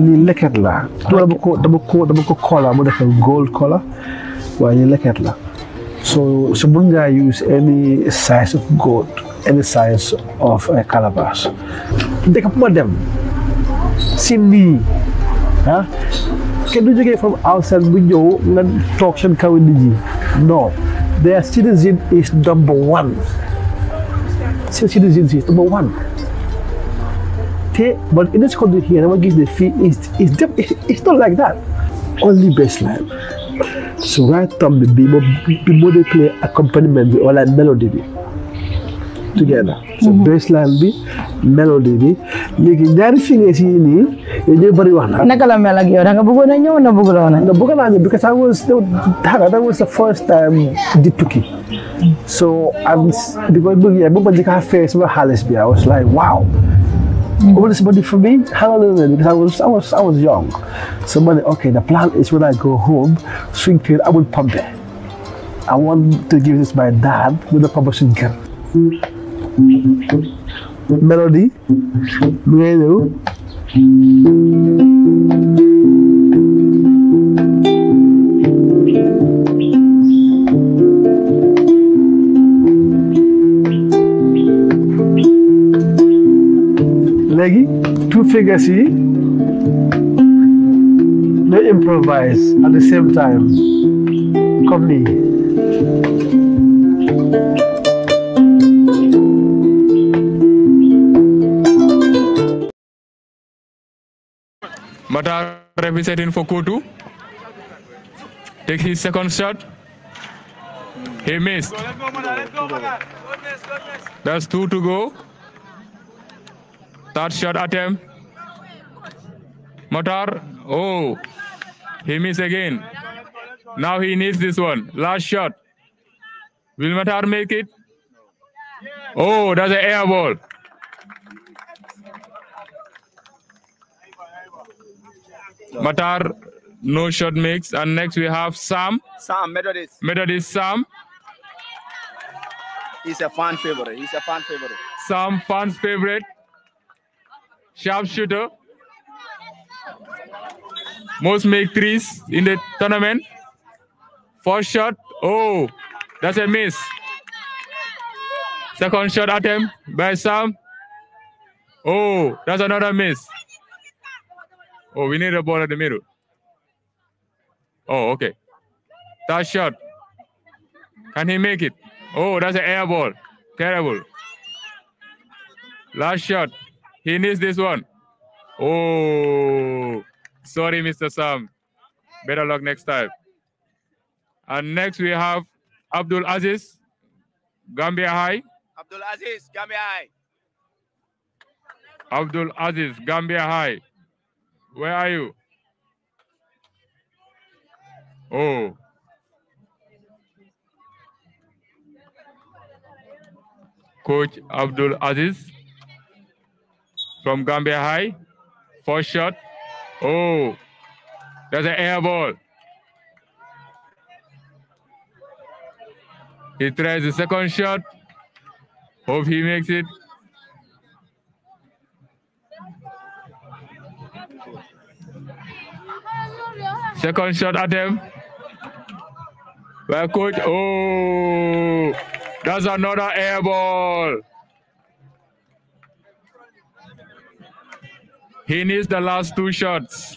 lii leket la. dama ko dama ko dama ko kola mu defal gold kola waaye lii leket la so so mën ngaa use any size of gold any size of a eh, calabash. dëkk bu ma dem si nii ah kenn du jógee from outside bu ñëw nga toog seen kaw nit ñi non their citizen is number one seen citizen is number one. okay? But in this country here, never gives the fee it's it's, it's not like that. Only bass line. So right from the bimo, bimo they play accompaniment or like melody be together. So mm -hmm. bass line be melody be. like ñaari thing is nii yow ñooy bëri wax na. naka orang mel ak yow da nga bëggoon a ñëw na bugo na woon a. bëgg because I was still that was the first time di tukki. so I'm because bëgg yaa bëgg ma njëkk a fee sama I was like wow. But, it's, for me, hallelujah, because I was, I was, I was young. Somebody, okay, the plan is when I go home, swing period, I will pump it. I want to give this my dad with the promotion girl. Melody, two figures yi they improvise at the same time comme nii Matar in for Kutu takes his second shot he missed that's two to go third shot attempt Matar. Oh, he missed again. Now he needs this one. Last shot. Will Matar make it? Oh, that's an air ball. Matar, no shot makes. And next we have Sam. Sam, Methodist. Methodist Sam. He's a fan favorite. He's a fan favorite. Sam, fan favorite. sharp shooter. Most make threes in the tournament. First shot. Oh, that's a miss. Second shot attempt by Sam. Oh, that's another miss. Oh, we need a ball at the middle. Oh, okay. That shot. Can he make it? Oh, that's an air ball. Terrible. Last shot. He needs this one. Oh, sorry, Mr. Sam. Better luck next time. And next we have Abdul Aziz, Gambia High. Abdul Aziz, Gambia High. Abdul Aziz, Gambia High. Where are you? Oh. Coach Abdul Aziz from Gambia High. First shot. Oh, that's an air ball. He tries the second shot. Hope he makes it. Second shot at him. Well, coach. Oh, that's another air ball. He needs the last two shots.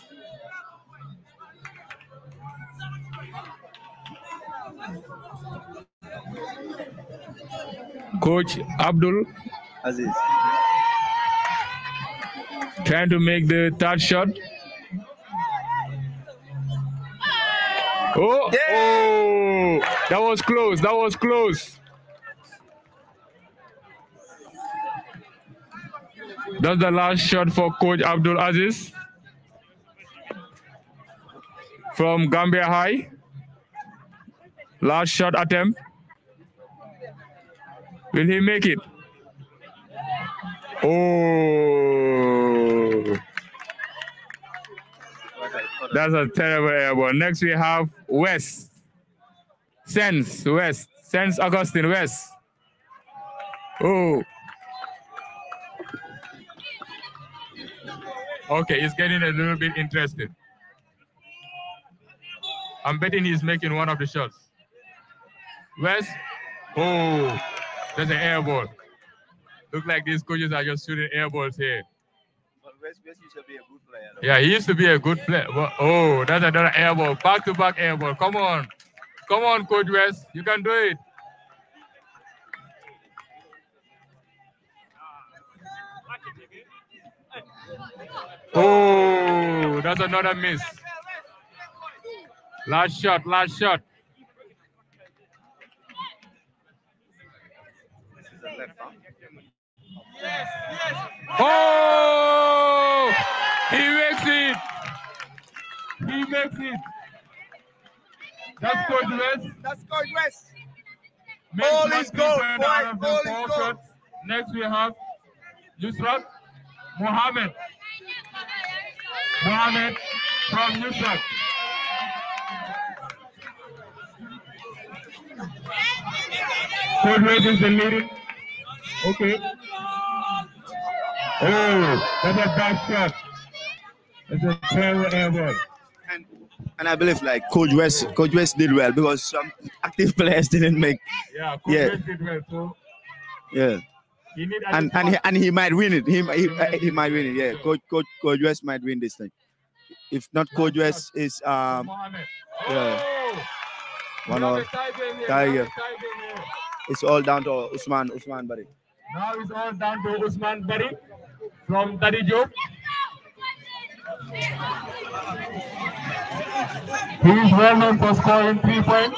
Coach Abdul Aziz trying to make the third shot. Oh, oh, that was close. That was close. That's the last shot for Coach Abdul Aziz from Gambia High. Last shot attempt. Will he make it? Oh. That's a terrible airball. Next we have West. Sense, West. Sense Augustine, West. Oh. Okay, he's getting a little bit interested. I'm betting he's making one of the shots. West, oh, there's an air ball. Look like these coaches are just shooting air balls here. But West, West used to be a good player. Though. Yeah, he used to be a good player. Oh, that's another air ball. Back to back air ball. Come on. Come on, Coach West. You can do it. Oh, that's another miss. Last shot, last shot. Oh! He makes it. He makes it. That's good rest. That's good rest. All is gold. All is gold. Next we have Yusuf Mohammed. Mohammed from Newport. Code is the leading. Okay. Oh, that's a bad shot. That's a terrible error. And, I believe like Coach West, Coach West did well because some active players didn't make. Yeah, Coach yeah. West did well. too. yeah and and he, and he might win it. He, he, he, might win it. Yeah, coach coach coach West might win this thing. If not, coach West is um yeah. Oh! One all. Tiger. It's all down to Usman Usman Bari. Now it's all down to Usman buddy from Tadijo. He is well known for scoring three points.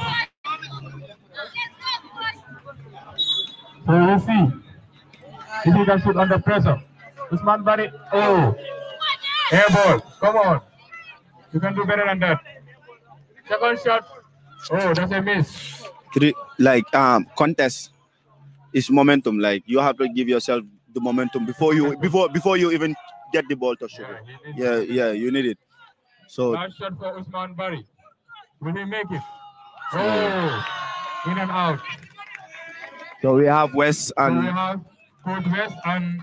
So we see. His shoot under pressure. Usman body. Oh. Air ball. Come on. You can do better than that. Second shot. Oh, that's a miss. like um contest is momentum. Like you have to give yourself the momentum before you before before you even get the ball to shoot. Yeah, yeah, yeah, you need it. So last shot for Usman Bari. Will he make it? Oh, in and out. So we have West and so Code West and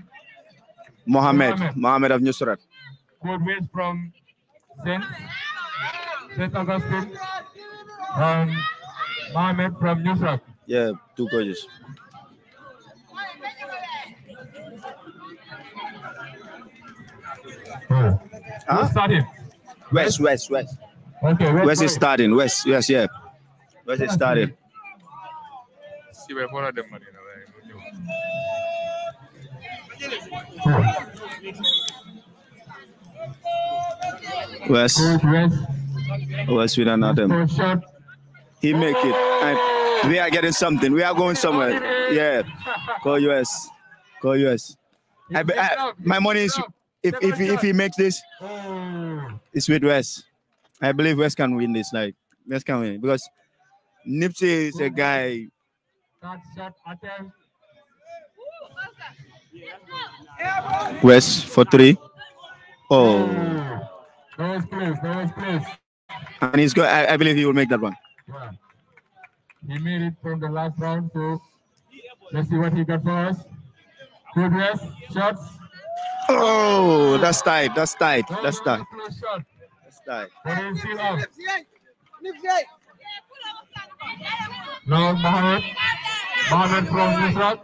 Mohammed, Mohammed, of Nusrat. Code West from St. St. Augustine and Mohammed from Nusrat. Yeah, two coaches. Oh. Huh? starting? West, West, West. Okay, West, West is starting. West, yes, yeah. West is starting. See, we one of them, you know. West. West with another. He make it. And we are getting something. We are going somewhere. Yeah. Call US. Call US. I, I, my money is if if he, if he makes this, it's with West. I believe West can win this. Like West can win because Nipsey is a guy. West for three. Oh. Nice place, nice place. And he's good. I, I believe he will make that one. Yeah. He made it from the last round, so let's see what he got for us. Good rest, shots. Oh, that's tight, that's tight, that's tight. That's tight. What is he up? Mohammed. Mohammed from Israel.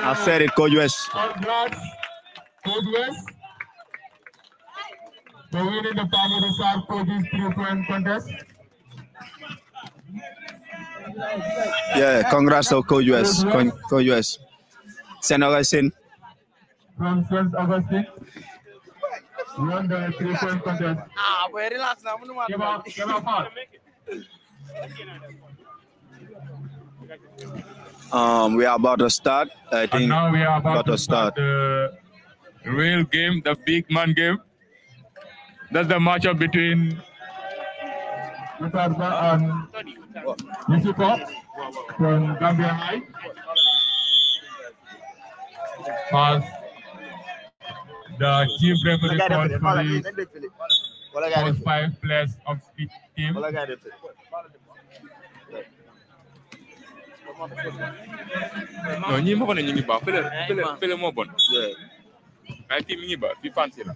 I said it, Code US. Code US. The winner in the 3 Contest. Yeah, congrats to Code US. Code US. St. Augustine. From St. Augustine. You won the three point contest. Ah, very last, I'm going to Give up, give up, um, we are about to start. I think. And now we are about, about to, to start. the real game, the big man game. That's the matchup between Utarba and Yusufa from Gambia High. Pass. The team referee for the five players of each team. non eh, ñii ma ko ne ñu ngi baax fële fële fële moo bon waaye fii mi ngi baax fii fansi la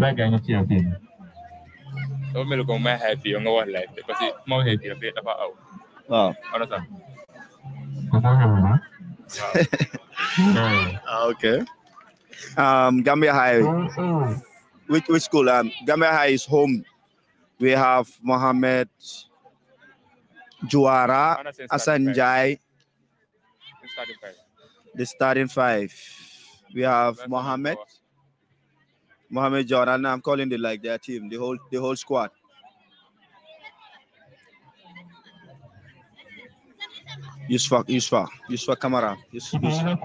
maa ngi nga ci yow fii dafa mel ko may xaay fii nga wax live ah, okay. Um, Gambia High, mm, mm. which, which school? Um, Gambia High is home. We have Mohammed Juara, Asanjai, starting five. The starting five. We have That's Mohammed. Mohammed Jordan. I'm calling the like their team, the whole the whole squad. Yusfa, Yusfa, Yusfa Kamara. Yus, Yusfa.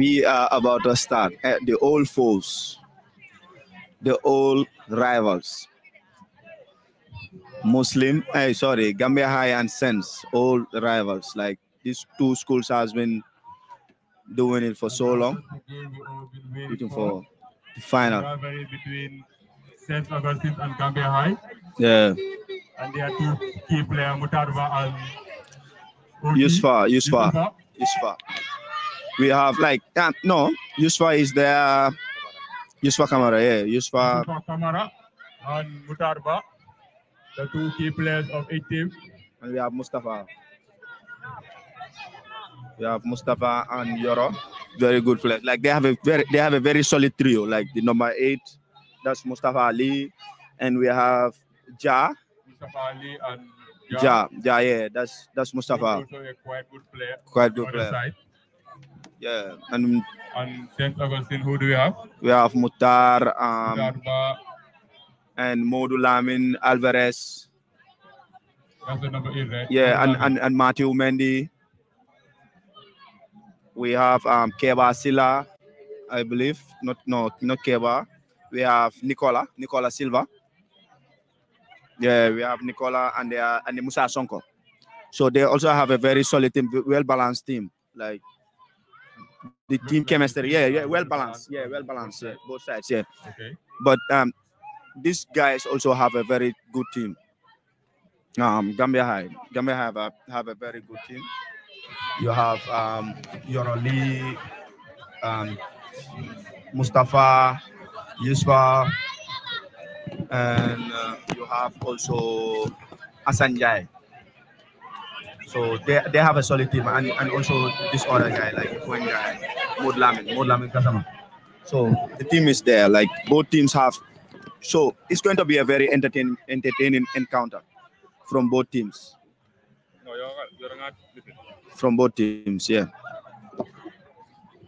we are about to start at the old foes, the old rivals. Muslim, eh, sorry, Gambia High and Sense, old rivals. Like these two schools has been doing it for so long. Waiting for the final. Rivalry between Sense Augustine and Gambia High. Yeah. And are two key players: Mutarva and Usfa, Usfa, Usfa. We have like um, no Yusufa is there. Yusufa Kamara, yeah, Yusufa. Kamara and Mutarba, the two key players of a team. And we have Mustafa. We have Mustafa and Yoro, very good players. Like they have a very they have a very solid trio. Like the number eight, that's Mustafa Ali, and we have Ja. Mustafa Ali and Ja. Ja, ja yeah, that's that's Mustafa. also a quite good player. Quite good player. Yeah. And and St. Augustine, who do we have? We have Mutar, um, and Modu Lamin, Alvarez. That's the number eight, right? Yeah, and, and, and Matthew Mendy. We have um, Keba Silla, I believe. Not no, not Keba. We have Nicola, Nicola Silva. Yeah, we have Nicola and they are, and the Musa Sonko. So they also have a very solid team, well balanced team. Like the team chemistry. Yeah, yeah, well balanced. Yeah, well balanced. Yeah, both sides. Yeah. Okay. But um, these guys also have a very good team. Um, Gambia High. Gambia have a have a very good team. You have um, Yoroli, um, Mustafa, Yusuf, and uh, you have also Asanjai. So they, they have a solid team and, and also this other guy, like one guy, Mod Lamin, Mod Lamin Kasama. So the team is there, like both teams have so it's going to be a very entertaining entertaining encounter from both teams. No, you're, you're from both teams, yeah.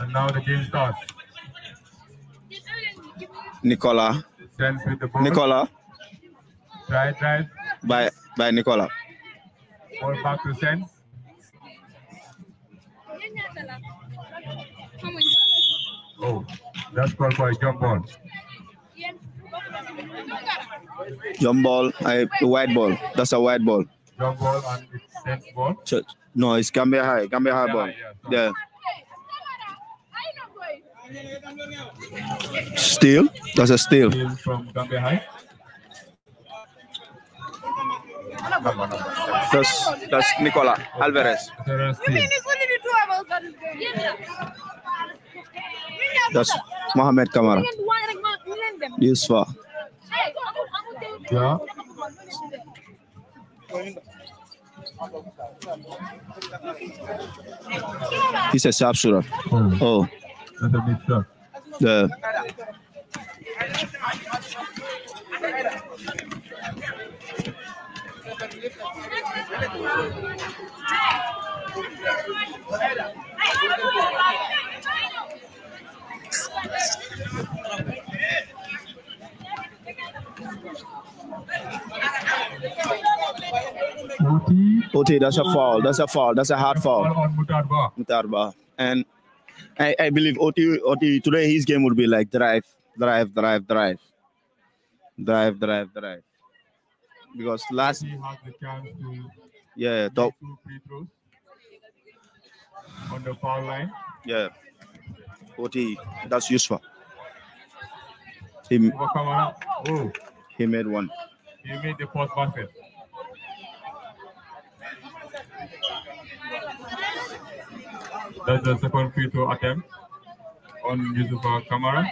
And now the game starts. Nicola. Sends with the ball. Nicola. Try, try. By, by Nicola. Ball back to Sens. Oh, that's called for a jump ball. Jump ball, I, white ball. That's a white ball. Jump ball and it's sense ball? Ch no, it's Gambia High. Gambia High yeah, ball. yeah. Steal? That's a steal. from Gambia That's, that's Nicola Alvarez. That's Mohamed Kamara. Yusfa. Yeah. He's a sharpshooter. Hmm. Oh underneath Yeah. Oti, that's a foul. That's a foul. That's a hard foul. And I, I believe OT, Oti today his game would be like drive, drive, drive, drive, drive, drive, drive. Because last he had the chance to yeah top free throws on the foul line. Yeah, Oti that's useful. He, oh. he made one. He made the first basket. That's the second free throw attempt on Yusufa Kamara.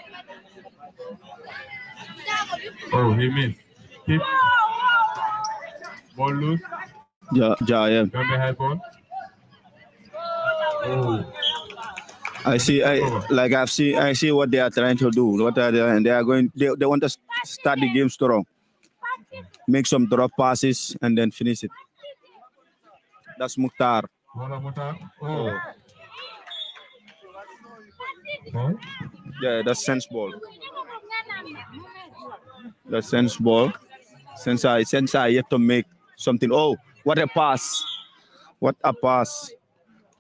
Oh, he missed. Keep. Ball loose. Yeah, yeah, yeah. Gambia high ball. Oh. I see. I like. I've seen. I see what they are trying to do. What are they? And they are going. They, they want to start the game strong. Make some drop passes and then finish it. That's Mukhtar. Oh. Yeah, that's sense ball. The sense ball. Sense I have I yet to make something. Oh, what a pass. What a pass.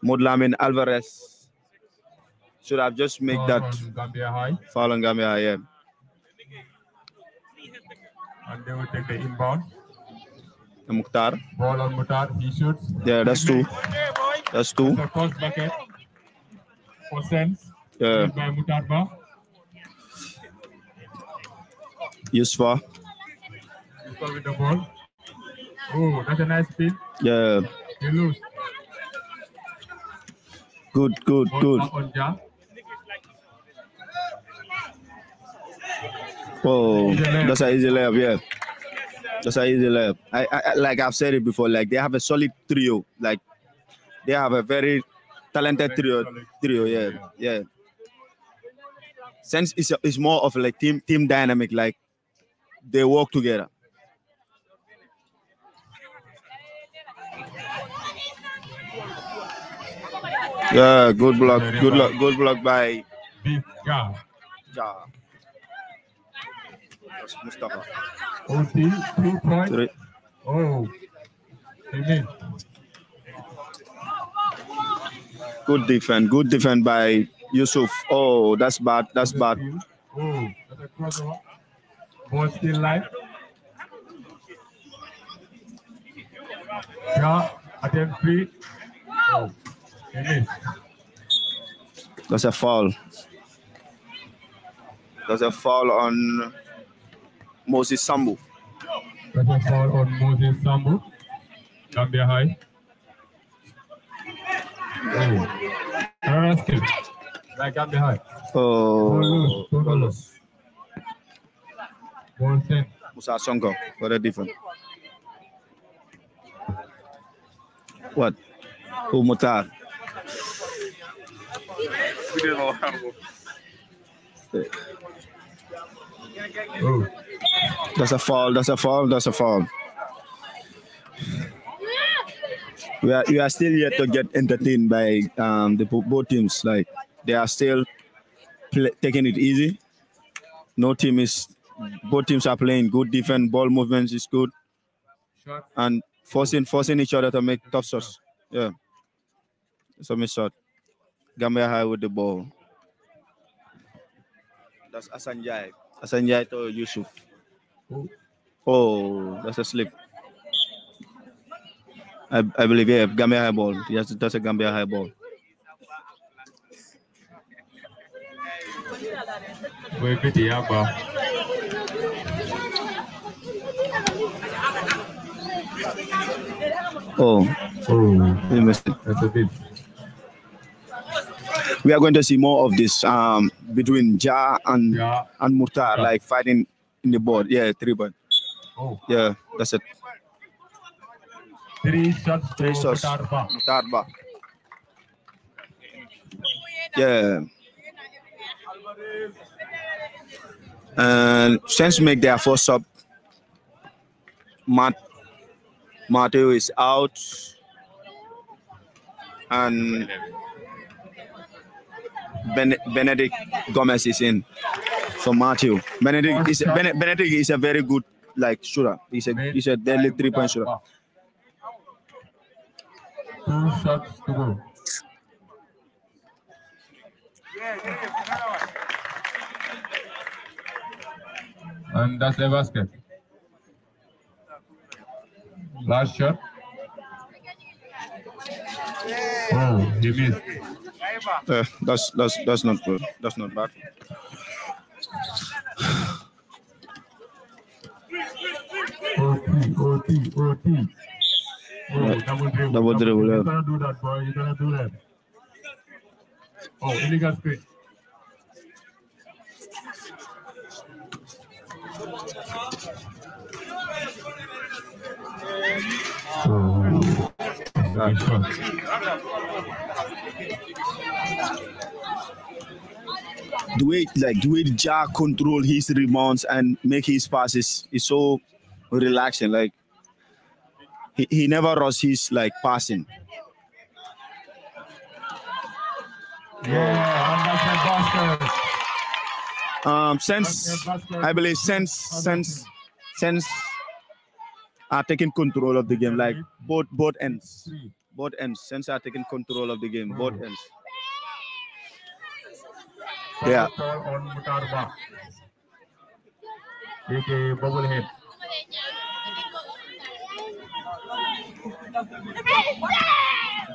Modlamin Alvarez should have just made that on Gambia High. foul on Gambia High. Yeah. And they will take the inbound. The Mukhtar. Ball on Mukhtar. He shoots. Yeah, that's two. That's two. The first bucket. For sense. Uh, yeah. By Mutarba. Yusfa. Yusfa with the ball. Oh, that's a nice spin. Yeah. You lose. Good, good, ball good. Onja. Oh, Whoa, that's an easy layup, yeah. That's an easy layup. I, I, like I've said it before, like they have a solid trio. Like they have a very talented very trio, solid. trio, yeah, yeah. yeah. Sense is, is more of like team team dynamic, like they work together. Yeah, good block, good luck, good block by Ja. Ja. Mustafa. Three. Oh. Good defense, good defense by Yusuf. Oh, that's bad. That's bad. Oh, that's Ball still live. Yeah, attempt three. Oh, that's a foul. That's a foul on Moses Sambu. That's a foul on Moses Sambu. Gambia High. Oh. Another Back up behind. Oh. Don't lose. Don't One ten. Musa Songo. What a difference. What? Who Mutar? That's a fall. That's a fall. That's a fall. We are, we are still yet to get entertained by um, the both teams. Like they are still play, taking it easy. No team is, both teams are playing good defense. Ball movements is good, and forcing forcing each other to make tough shots. Yeah, so miss shot. Gambia High with the ball. That's Asanjai. Asanjai to Yusuf. Oh, that's a slip. I, I believe yeah, Gambia high ball. Yes, that's a Gambia high ball. Oh, oh. We are going to see more of this um, between Ja and yeah. and Murtar, like fighting in the board. Yeah, three board. Oh. Yeah, that's it. Three shots. Three shots. Tarba. Yeah. And since make their first sub. Matt Matthew is out. And ben Benedict Gomez is in for Matthew. Benedict is ben Benedict is a very good like shooter. He's a he's a deadly three point shooter. Two shots to go. and that's a basket. Last shot. Oh, he missed. Uh, that's that's that's not good. That's not bad. OT, OT, OT. double dribble. Double dribble. You cannot do that, bro. You do that. Oh, illegal screen. The way, like the way Ja control his rebounds and make his passes is so relaxing. Like he, he never rush his like passing. Yeah, 100 um, since I believe since since since are taking control of the game, like both both ends, both ends. Since are taking control of the game, both ends. Yeah.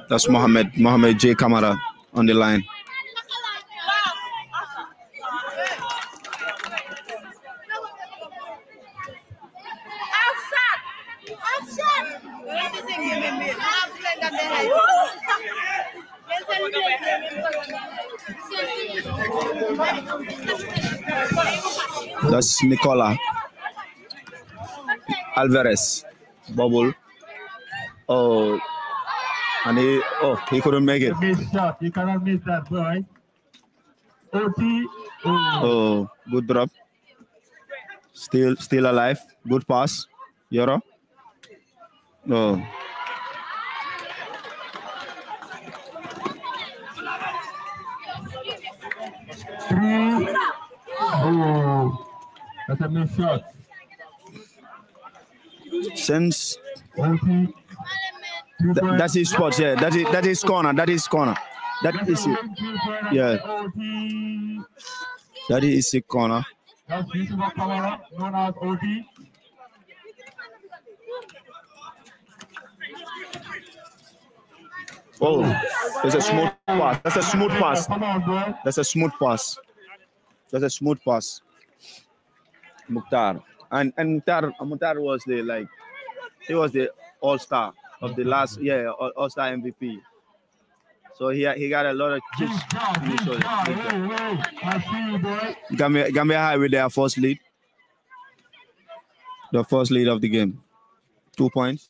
That's Mohammed Mohammed J Kamara on the line. Nicola Alvarez. Bubble. Oh, and he oh he couldn't make it. You cannot miss that, boy. OT. Oh. oh, good drop. Still, still alive. Good pass. Yoro. Oh. new shot. Since th that's his spot, yeah. That is that is corner. That is corner. That is it. Yeah. That is a corner. That's Oh, there's a smooth pass. That's a smooth pass. That's a smooth pass. That's a smooth pass. Mukhtar. And and Mukhtar, Mukhtar was the like he was the all star of the last yeah all star MVP. So he he got a lot of chips. Gambia, Gambia High with their first lead. The first lead of the game, two points.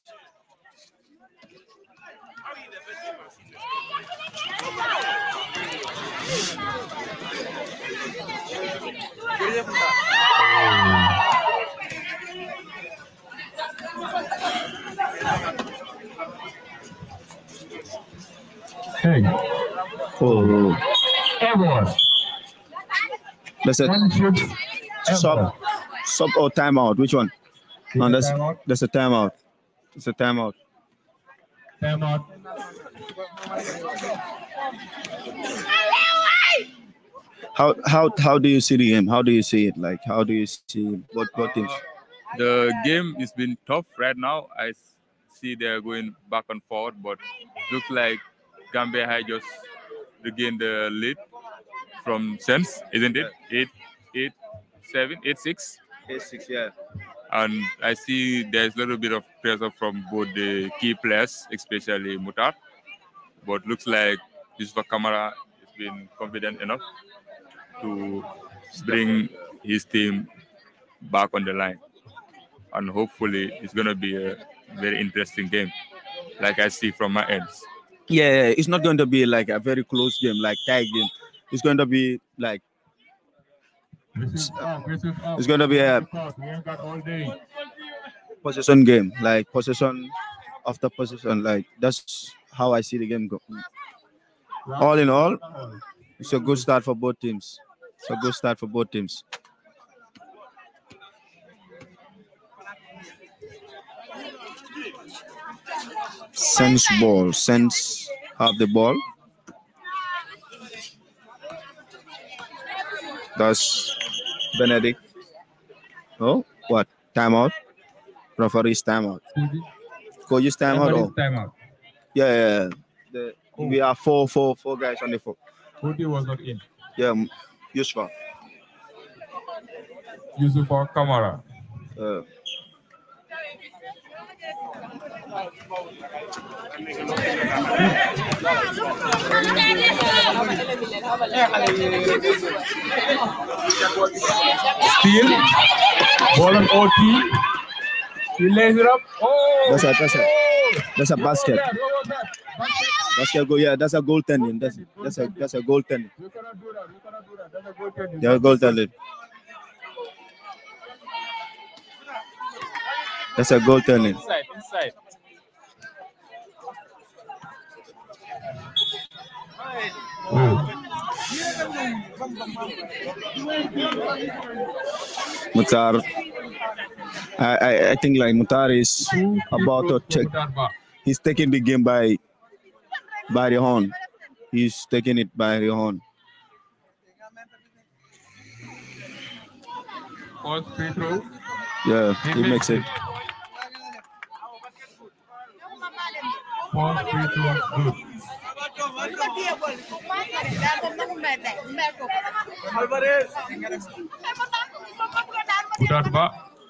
Hey. Oh. Everyone. That's it. Stop Stop or timeout. Which one? Is no, that's, that's a timeout. It's a timeout. Timeout. How how how do you see the game? How do you see it? Like how do you see what what teams? The game is been tough right now. I see they're going back and forth, but looks like Gambia High just regained the lead from Sense, isn't it? Yeah. Eight, eight, seven, eight, six. Eight, six, yeah. And I see there's a little bit of pressure from both the key players, especially Mutar. But looks like this Kamara has been confident enough to bring his team back on the line. And hopefully, it's going to be a very interesting game, like I see from my ends. Yeah, it's not going to be like a very close game, like tie game. It's going to be like it's, it's going to be a possession game, like possession after possession. Like that's how I see the game go. All in all, it's a good start for both teams. It's a good start for both teams. Sends ball. Sends of the ball. That's Benedict. Oh, what? Timeout. Referee's timeout. Mm-hmm. Coach's timeout. oh. timeout. Yeah, yeah. The, oh. We are four, four, four guys on the floor. Kuti was not in. Yeah, Yusufa. Yusufa Kamara. Uh, Steal. Ball on OT. He lays it up. Oh! That's a, that's a, that's a basket. That's a goal. Yeah, that's a goaltending. That's that's a that's a goaltending. That's a goaltending. goaltending. That's a goaltending. Inside, inside. Mm. Mutar. I, I, I think like Mutar is about to take. He's taking the game by by the horn. He's taking it by the horn. free throw. Yeah, he makes it. First free throw. Good. Put back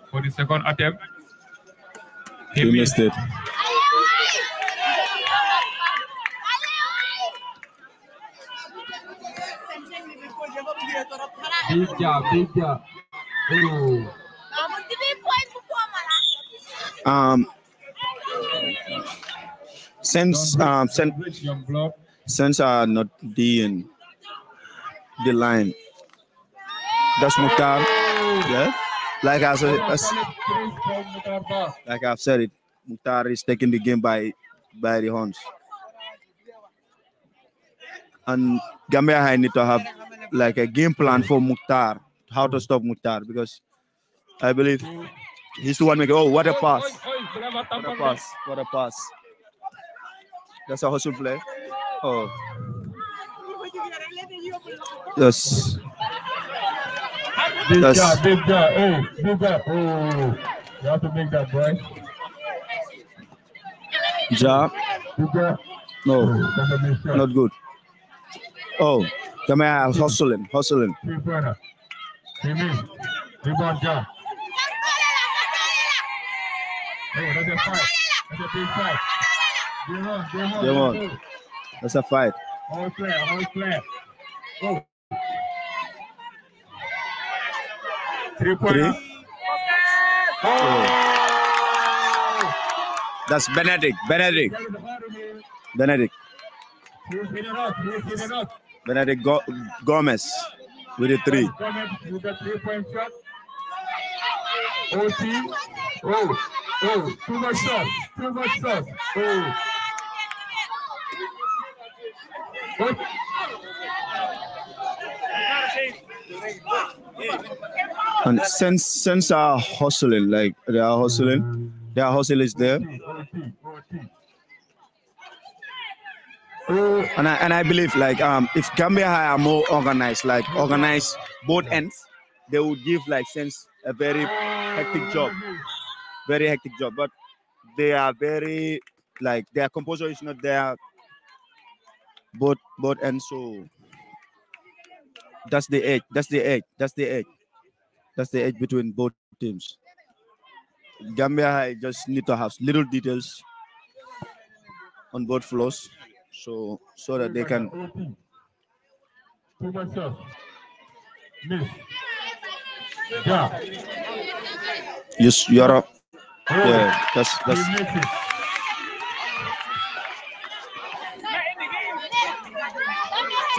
for the second attempt. He, missed it. Big job, Um, since um, since Censor not in the line. That's Mukhtar. Yeah. Like I said, like I've said it, Mukhtar is taking the game by by the horns. And Gambia I need to have like a game plan for Mukhtar, how to stop Mukhtar, because I believe he's the one making. Oh, what a pass! What a pass! What a pass! That's a hustle play. Oh. Yes. Big That's... guy, big guy. Oh, big guy. Oh, you have to make that, right? Ja. No, not good. Oh, come here, hustle him, hustle him. That's a fight. Hold clear, hold clear. Go. Three point. Three. Oh. oh. That's Benedict. Benedict. Benedict. Benedict Go Gomez with the three. Oh, oh, too much stuff. Too much stuff. Oh. And since since are hustling, like they are hustling, their hustle is there. And I and I believe like um if Gambia are more organized, like organized both ends, they would give like since a very hectic job, very hectic job. But they are very like their composure is not there but but and so that's the edge. That's the edge. That's the edge. That's the edge between both teams. Gambia I just need to have little details on both floors so so that they can yes you're up yeah that's that's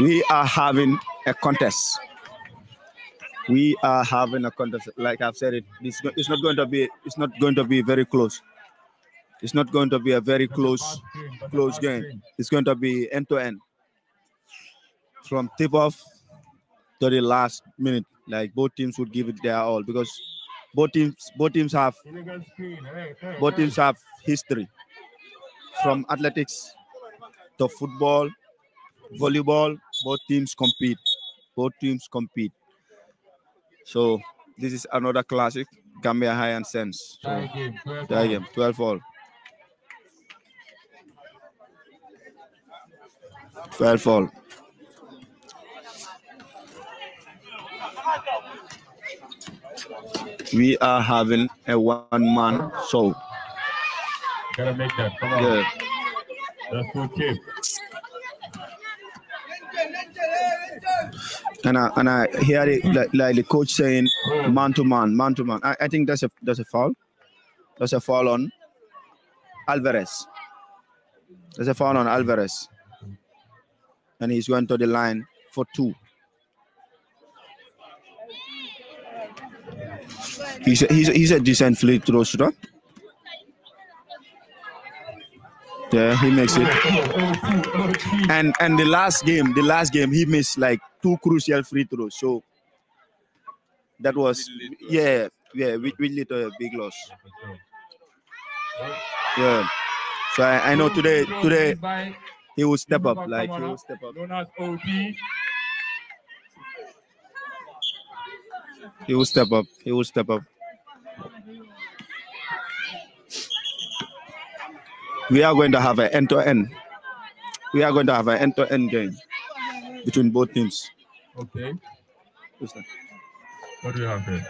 we are having a contest. We are having a contest. Like I've said, it it's, not going to be it's not going to be very close. It's not going to be a very close close game. It's going to be end to end, from tip off to the last minute. Like both teams would give it their all because both teams both teams have both teams have history from athletics to football volleyball, both teams compete. Both teams compete. So this is another classic, Gambia High and Sense. So, tie 12 fall. 12 all. 12 all. We are having a one-man show. Gotta make that. Come on. Yeah. That's okay. and I and I hear it like, like the coach saying man to man, man to man. I, I think that's a that's a foul. That's a foul on Alvarez. That's a foul on Alvarez. And he's going to the line for two. He's a, he's a, he's a decent free throw shooter. Yeah, he makes it. And and the last game, the last game, he missed like two crucial free throws. So that was yeah, yeah, we we lit a big loss. Yeah. So I, I know today today he will step up, like he will step up. He will step up. He will step up. we are going to have an end to end. We are going to have an end to end game between both teams. Okay. What do you have here?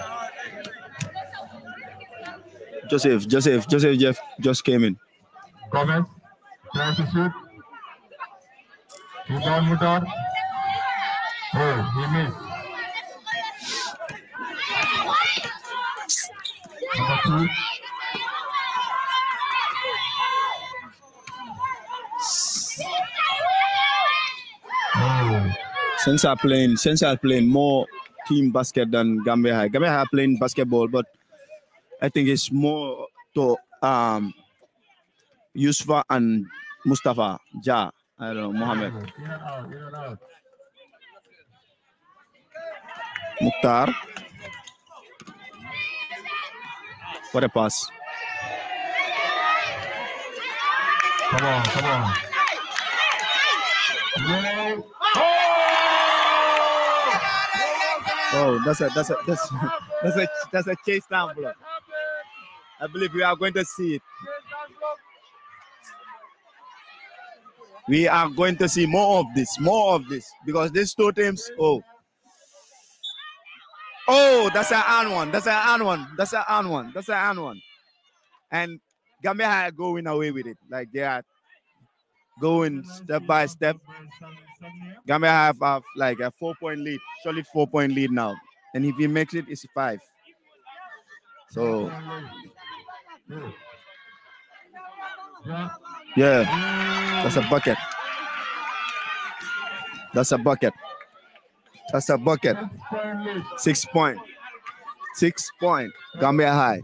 Joseph, Joseph, Joseph Jeff just came in. Comment? Francis Mutar, Mutar. Oh, he missed. Since are playing, since are playing more team basket than Gambia High. Gambia High playing basketball, but I think it's more to um, Yusfa and Mustafa Ja. I don't know, Mohammed. Mukhtar. What a pass. Come on, come on. Yeah. Oh! Oh, that's a that's a that's that's a that's a chase down block. I believe we are going to see it. We are going to see more of this, more of this, because these two teams. Oh, oh, that's an on one. That's an on one. That's an on one. That's an on one. And Gambia are going away with it. Like they are going step by step. Gambia have, have like a four point lead, solid four point lead now. And if he makes it, it's five. So, yeah, that's a bucket. That's a bucket. That's a bucket. Six point. Six point. Gambia High.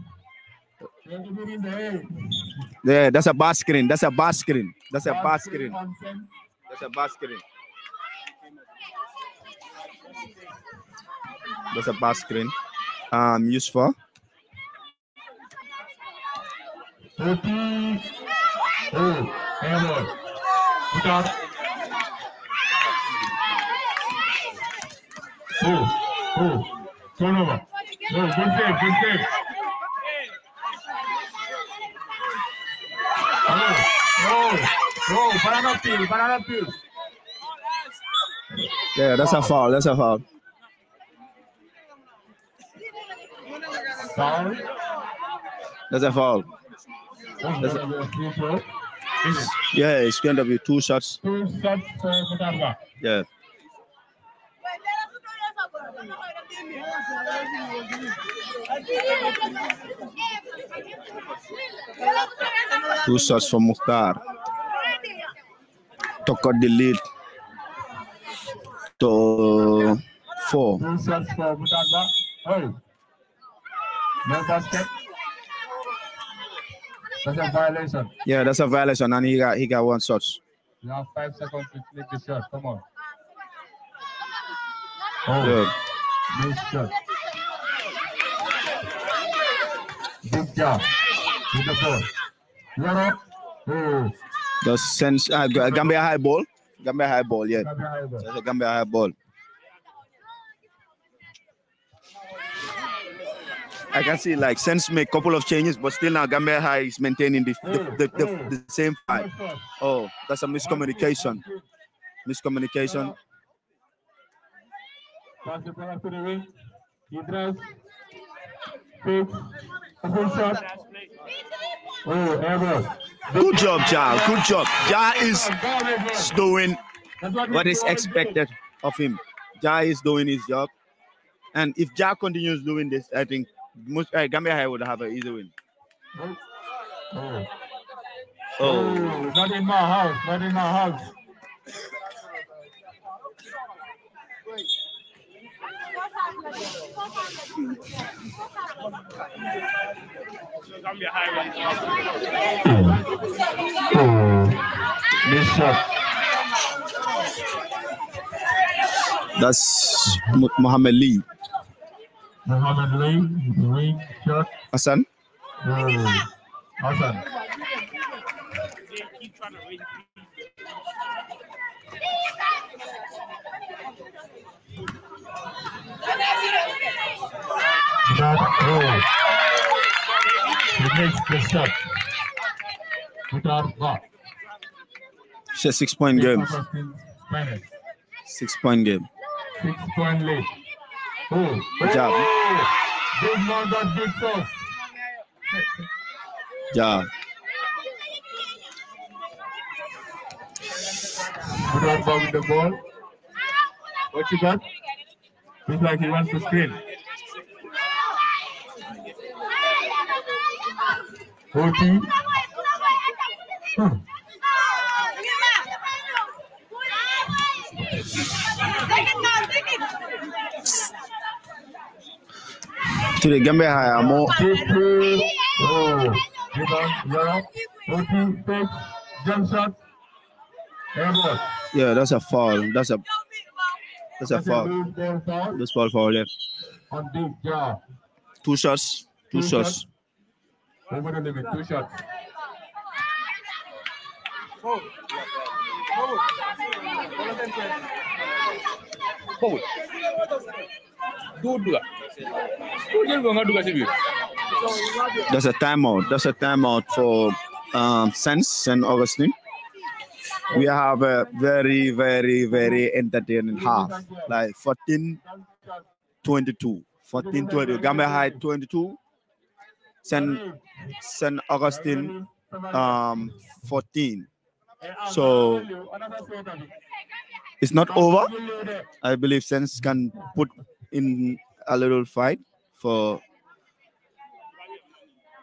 Yeah, that's a bass screen. That's a bass screen. That's a bass screen. That's a bass screen. That's a bass screen. Um, useful. for. Thirty. Oh, hang on. Put Oh, turn over. No, good save, good save. para no para no Yeah, that's a foul. That's a foul. Foul. That's a foul. That's a... Yeah, it's going to be two shots. Two shots for Yeah. Two shots for Mukhtar. To cut the lead to four. Two shots for Mutarba. Hey. No basket. That's a violation. Yeah, that's a violation, and he got he got one shot. You have five seconds to flip the shot. Come on. Oh, Good. Nice shot. Good job. Beautiful. Europe. Oh. The sense, uh, uh, Gambia high ball. Gambia high ball, yeah. Gambia high ball. a Gambia high ball. I can see like Sense make a couple of changes, but still now Gambia High is maintaining the, the, the, the, the same fight. Oh, that's a miscommunication. Miscommunication. Pass the ball to the ring. He drives. Good shot. Oh, ever. Good job, child. Good job. Ja is doing what is expected of him. Ja is doing his job. And if Ja continues doing this, I think most, uh, Gambia High would have an easy win. Oh. Oh. oh. Not in my house. Not in my house. Hmm. That's Muhammad Lee. Muhammad Lee, Lee, Chuck. Hassan? Hmm. Hassan. that throw. He makes the step. Without that. It's a six point game. Six point game. Six point lead. Oh, good job. Big man big stuff. Yeah. Good with the ball. What you got? Looks like he wants to screen. Houthi. Hmm. Tuli gambe haya amo oh, Yeah, that's a foul. That's a that's a foul. That's foul foul, yeah. Two shots. Two shots. What am going to give Two shots. Forward. That's a timeout. That's a timeout for um, Sense and Augustine. We have a very, very, very entertaining half. Like 14 22. 14 22. Gamma High 22. St. St. Augustine um, 14. So it's not over. I believe Saints can put in a little fight for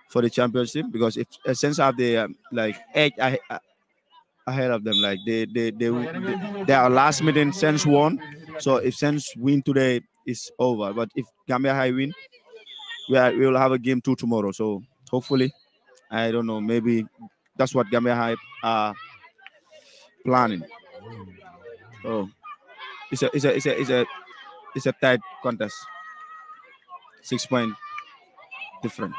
for the championship because if Saints have the um, like edge ahead of them, like they they they they, they are last meeting Saints won. So if Saints win today, it's over. But if Gambia High win, we are, we will have a game two tomorrow. So Hopefully, I don't know. Maybe that's what Gambia Hype are planning. Oh, it's a it's a it's a it's a it's a tight contest. Six point different.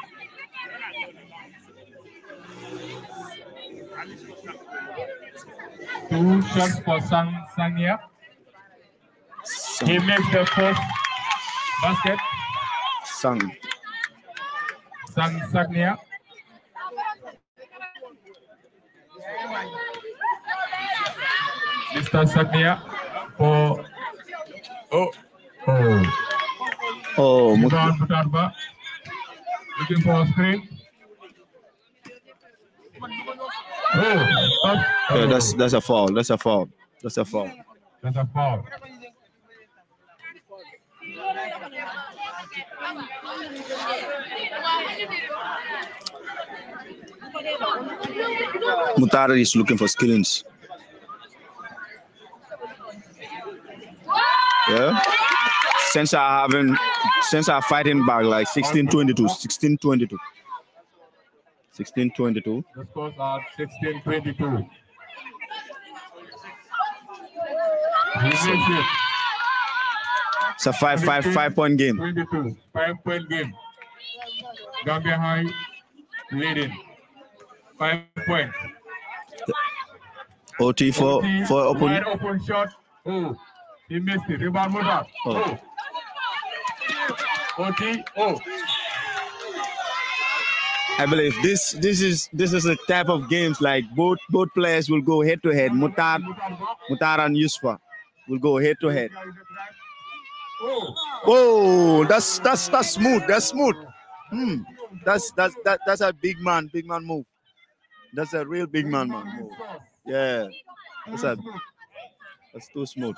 Two shots for Sang Sangya. Sang. He makes the first basket. Sang. Sang Sagnia. Mr. Sagnia for oh oh oh Mutan Mutarba looking for a screen. Oh, that's, oh. Yeah, that's that's a foul. That's a foul. That's a foul. That's a foul. Mutari is looking for skillings. Yeah. Since I haven't, since I fighting back like 1622, 1622. 1622. The scores are 1622. it's a five, five, five point game. 22, five point game. Gambia High leading. Five points. OT for OT for open. Wide open shot. Oh, he missed it. Rebound, move up. Oh. OT. Oh. oh. I believe this this is this is a type of games like both both players will go head to head. Mutar Mutar and Yusfa will go head to head. Oh, oh that's that's that's smooth. That's smooth. Hmm. That's that's that, that's a big man, big man move. That's a real big man, man. Yeah. That's a, That's too smooth.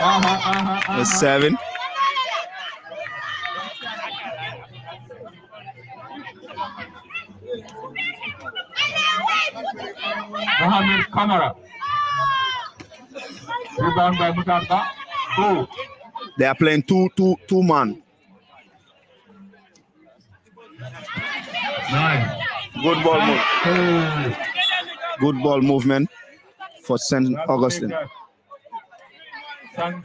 Uh-huh, uh-huh, uh-huh. That's seven. Mohammed Kamara. Rebound by Mutata. Go. They are playing two, two, two man. Nine. Good ball move. Good ball movement for St. Augustine. Uh,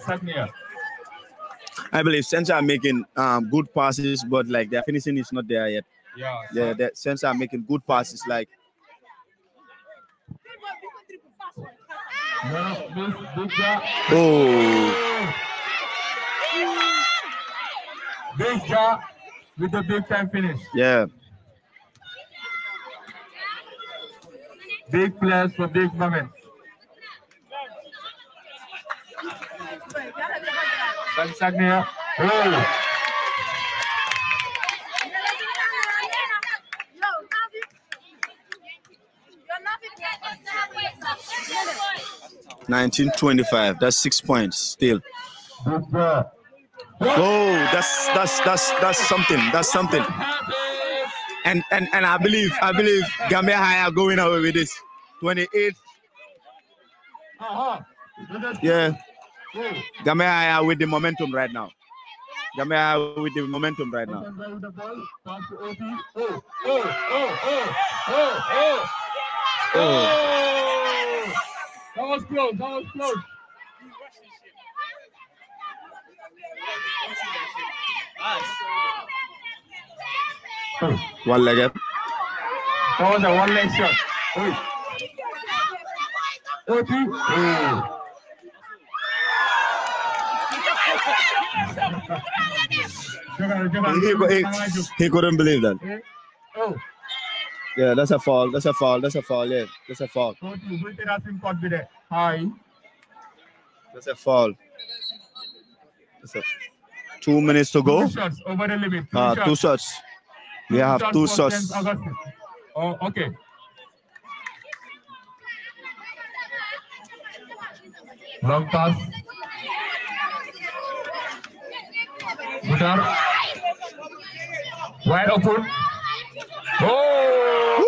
I believe Saints are making um, good passes, but like their finishing is not there yet. Yeah, yeah, that Saints are making good passes. Like oh. This guy with the big time finish. Yeah. Big players for big moments. Sansagnia. Oh. Nineteen twenty-five. That's six points still. Good Whoa, that's that's that's that's something. That's something. And and and I believe I believe Gambia High are going away with this. 28. Uh-huh. Yeah. Gambia High are with the momentum right now. Gambia High are with the momentum right now. Oh. That was close. That was close. One leg up. Oh, the one leg shot. Oh. Oh, two. Oh. He, he, he couldn't believe that. Oh. Yeah, that's a fall. That's a fall. That's a fall. Yeah, that's a fall. Hi. That's a fall. That's a fall. Two minutes to go. Two shots over the limit. Two, uh, shots. two shots. We two have shots two shots. Oh, okay. Long pass. Butar. Wide open. Oh!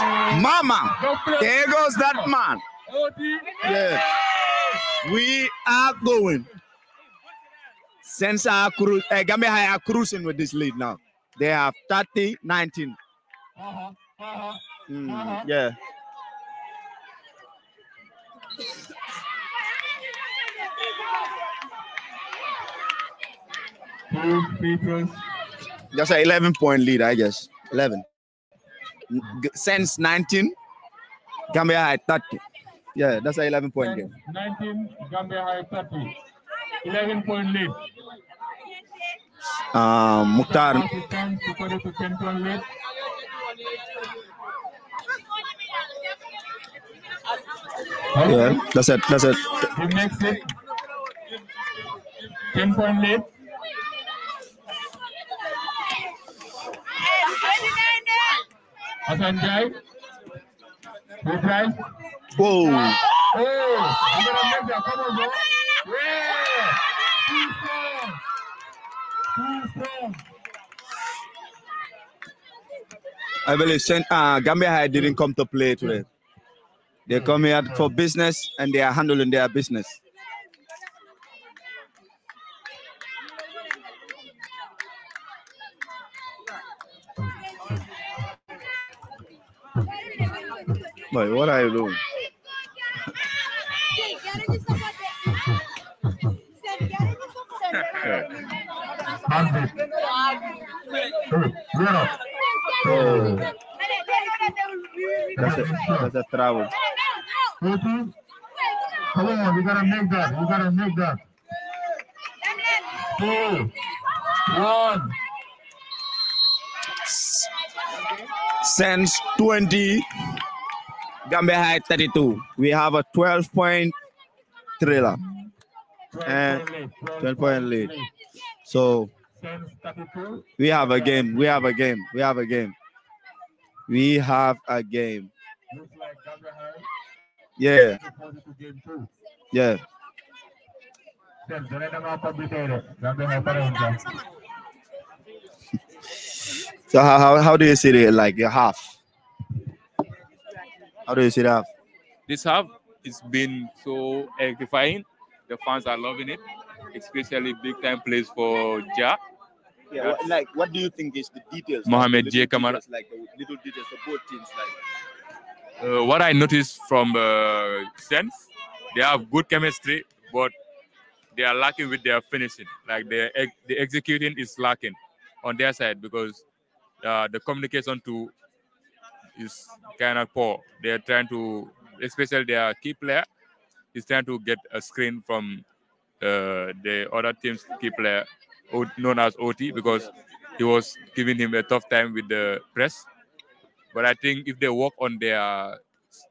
Woo! Mama! There goes that man. Oh, yeah. We are going. Since cruise, cru- uh, are cruising with this lead now. They have 30 19. Uh-huh, uh-huh, mm, uh-huh. Yeah. That's an 11 point lead, I guess. 11. Since 19, Gambia had 30. Yeah, that's an 11 point game. 19, Gambia had 30. 11 point lead. Uh, Mukhtar. Yeah, that's it. That's it. The next it. 10 point lead. Hassan jai. Good drive. Whoa. Hey, oh, I'm gonna make that. Come on, bro. Yeah. I believe Saint, uh, Gambia High didn't hmm. come to play today. Hmm. They hmm. come here for business and they are handling their business. Boy, what are you doing? Hernández. Bueno, eh, gracias, gracias, Travo. Come on, we gotta make that. We gotta make that. Two, one. Since 20, Gambia High 32. We have a 12 point thriller eh, and 12 point lead. So we have a game. We have a game. We have a game. We have a game. Yeah. Yeah. so how, how, how do you see it like your half? How do you see that? This half it's been so electrifying. The fans are loving it, especially big time plays for Ja. Yeah, what, like what do you think is the details? like, Details, like the little details of both teams. Like uh, what I noticed from uh, Sense, they have good chemistry, but they are lacking with their finishing. Like the the executing is lacking on their side because uh, the communication to is kind of poor. They are trying to, especially their key player, is trying to get a screen from uh, the other team's key player known as OT because he was giving him a tough time with the press. But I think if they work on their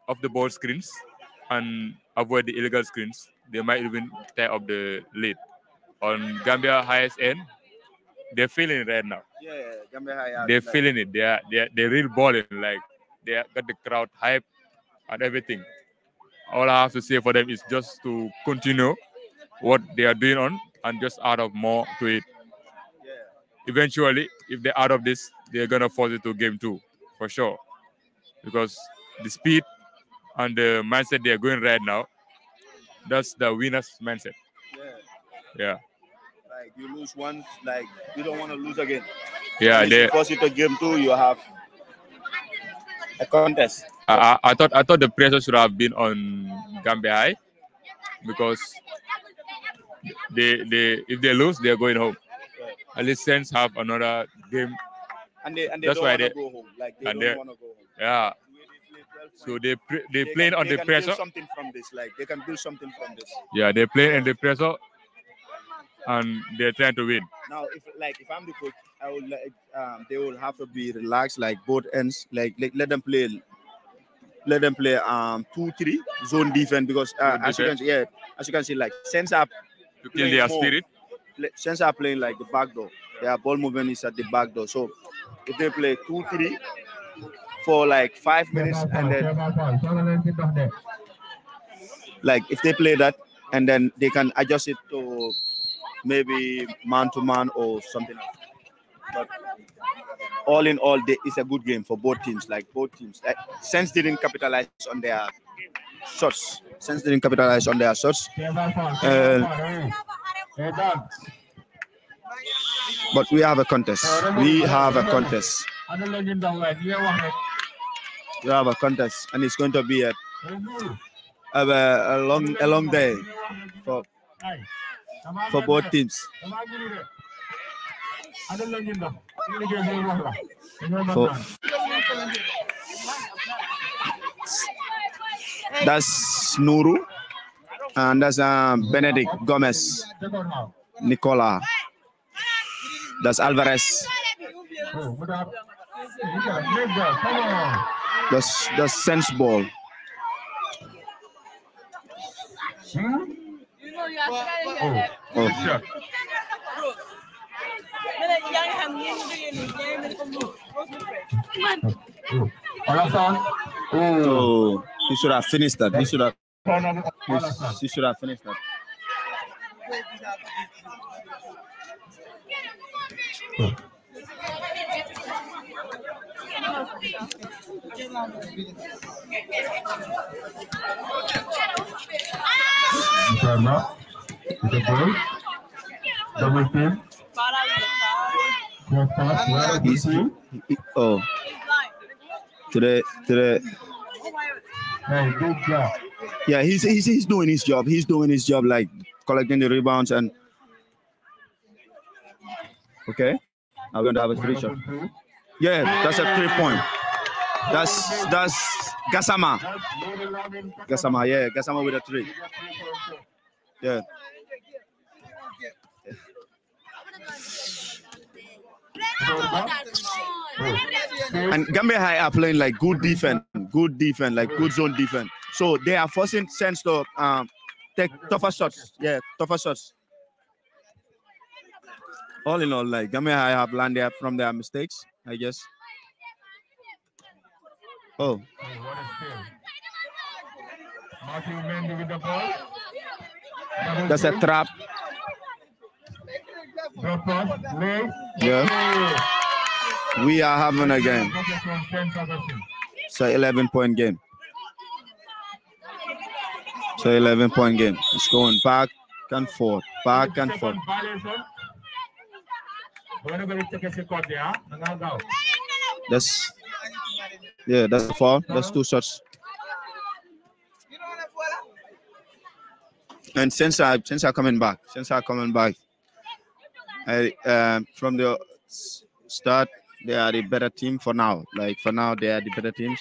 off the ball screens and avoid the illegal screens, they might even tie up the lead. On Gambia highest end, they're feeling it right now. Yeah, yeah Gambia high They're feeling it. They are they are, they're real balling. Like they got the crowd hype and everything. All I have to say for them is just to continue what they are doing on and just add up more to it. Eventually, if they add up this, they're gonna force it to game two for sure, because the speed and the mindset they are going right now, that's the winner's mindset. Yeah. Yeah. Like you lose once, like you don't want to lose again. Yeah, they force it to game two. You have a contest. I, I, I thought I thought the pressure should have been on Gambia High because they they if they lose, they're going home. Right. At least Saints have another game. And they and they That's don't why they, go home. Like they don't want to go home. Yeah. So they pre- they, they playing on they the pressure. Something from this, like they can do something from this. Yeah, they play in the pressure, and they're trying to win. Now, if like if I'm the coach, I would like um, they will have to be relaxed, like both ends, like let, let them play, let them play um two three zone defense because uh, as you can see, yeah, as you can see, like sense up to kill their more. spirit? Since are playing like the back door, their ball movement is at the back door. So if they play two, three for like five minutes and then like if they play that and then they can adjust it to maybe man to man or something But all in all, it's a good game for both teams. Like both teams, eh, since Sense didn't capitalize on their shots they didn't capitalize on their shots. Uh, but we have a contest. We have a contest. We have a contest, and it's going to be a a, a long a long day for for both teams. For, that's Nuru. And that's uh, Benedict Gomez. Nicola. That's Alvarez. That's, that's sense ball. Hmm? Oh. Oh. Oh. He should have finished that. He should have. He should have finished that. he? Oh. Today, today. Man, good job. Yeah, he's, he's he's doing his job. He's doing his job, like collecting the rebounds and. Okay, now we're gonna have a three shot. Yeah, that's a three point. That's that's Gasama. Gasama, yeah, Gasama with a three. Yeah. And Gambia High are playing like good defense, good defense, like good zone defense. So they are forcing Saints to um, take tougher shots. Yeah, tougher shots. All in all, like Gambia High have learned from their mistakes, I guess. Oh. That's a trap. Yeah. We are having a game. It's an 11 point game. It's an 11 point game. It's going back and forth, back and forth. That's yeah, that's a foul. That's two shots. And since I since I coming back, since I coming back, I, um, from the start, they are the better team for now. Like for now, they are the better teams.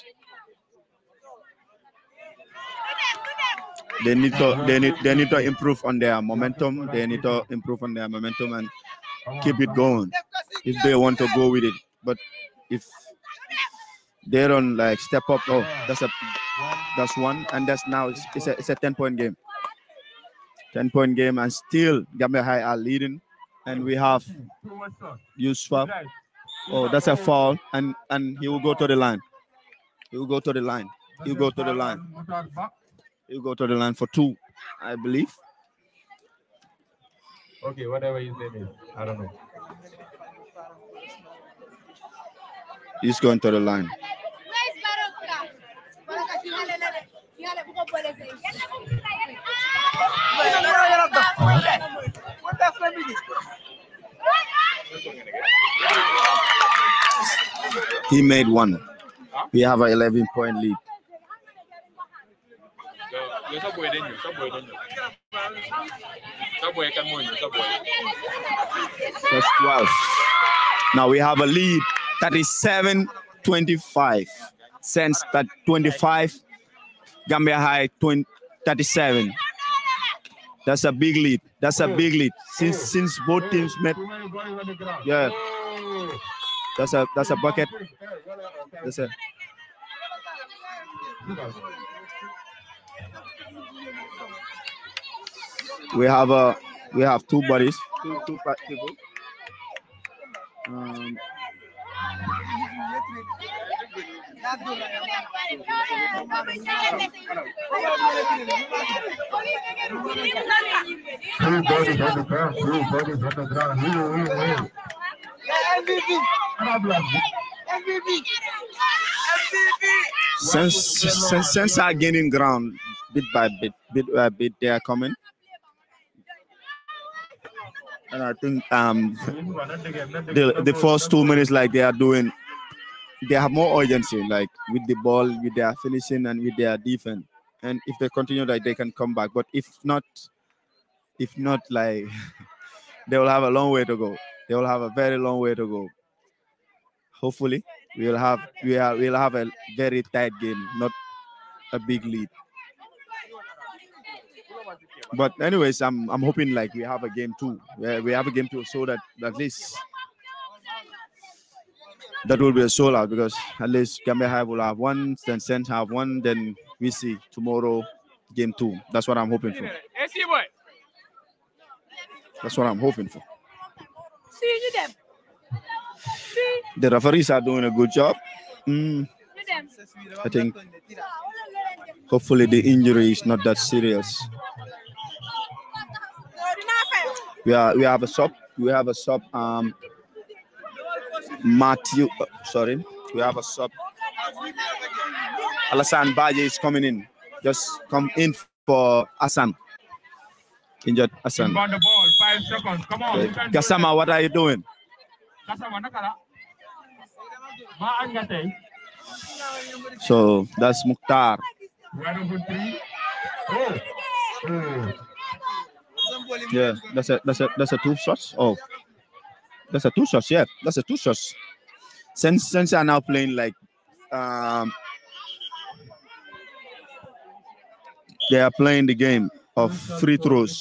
They need to they need they need to improve on their momentum. They need to improve on their momentum and keep it going if they want to go with it. But if they don't like step up, oh, that's a that's one, and that's now it's, it's a it's a ten point game. Ten point game, and still Gambia High are leading and we have Yusuf. Oh, that's a foul, and and he will go to the line. He will go to the line. He will go to the line. He will go to the line for two, I believe. Okay, whatever his name is, I don't know. He's going to the line. He made one. We have an 11 point lead. That's 12. Now we have a lead that is 725. Since that 25 Gambia High 20, 37. That's a big lead. That's a big lead. Since since both teams met, yeah. That's a that's a bucket. That's a. We have a we have two bodies. Two two people. Um, Three bodies on the ground, three bodies on the ground. He will win, win. MVP. Problem. MVP. MVP. Since, since, since are gaining ground bit by bit, bit by bit, they are coming. And I think um the, the first two minutes like they are doing they have more urgency, like with the ball, with their finishing, and with their defense. And if they continue, like they can come back. But if not, if not, like they will have a long way to go. They will have a very long way to go. Hopefully, we'll have we are we'll have a very tight game, not a big lead. But anyways, I'm I'm hoping like we have a game too. we have a game too, so that at least that will be a sold out because at least Gambia High will have one, then Saint have one, then we see tomorrow game two. That's what I'm hoping for. That's what I'm hoping for. See you them. The referees are doing a good job. Mm. I think hopefully the injury is not that serious. We are we have a sub we have a sub um Matthew, uh, sorry, we have a sub. Alasan Baye is coming in. Just come in for Asan. Injured Asan. On the ball, five seconds. Come on. Okay. Gassama, what are you doing? So that's Mukhtar. Yeah, that's a that's a that's a two shots. Oh. That's a two shots, yeah. That's a two shots. Since since are now playing like um they are playing the game of free throws.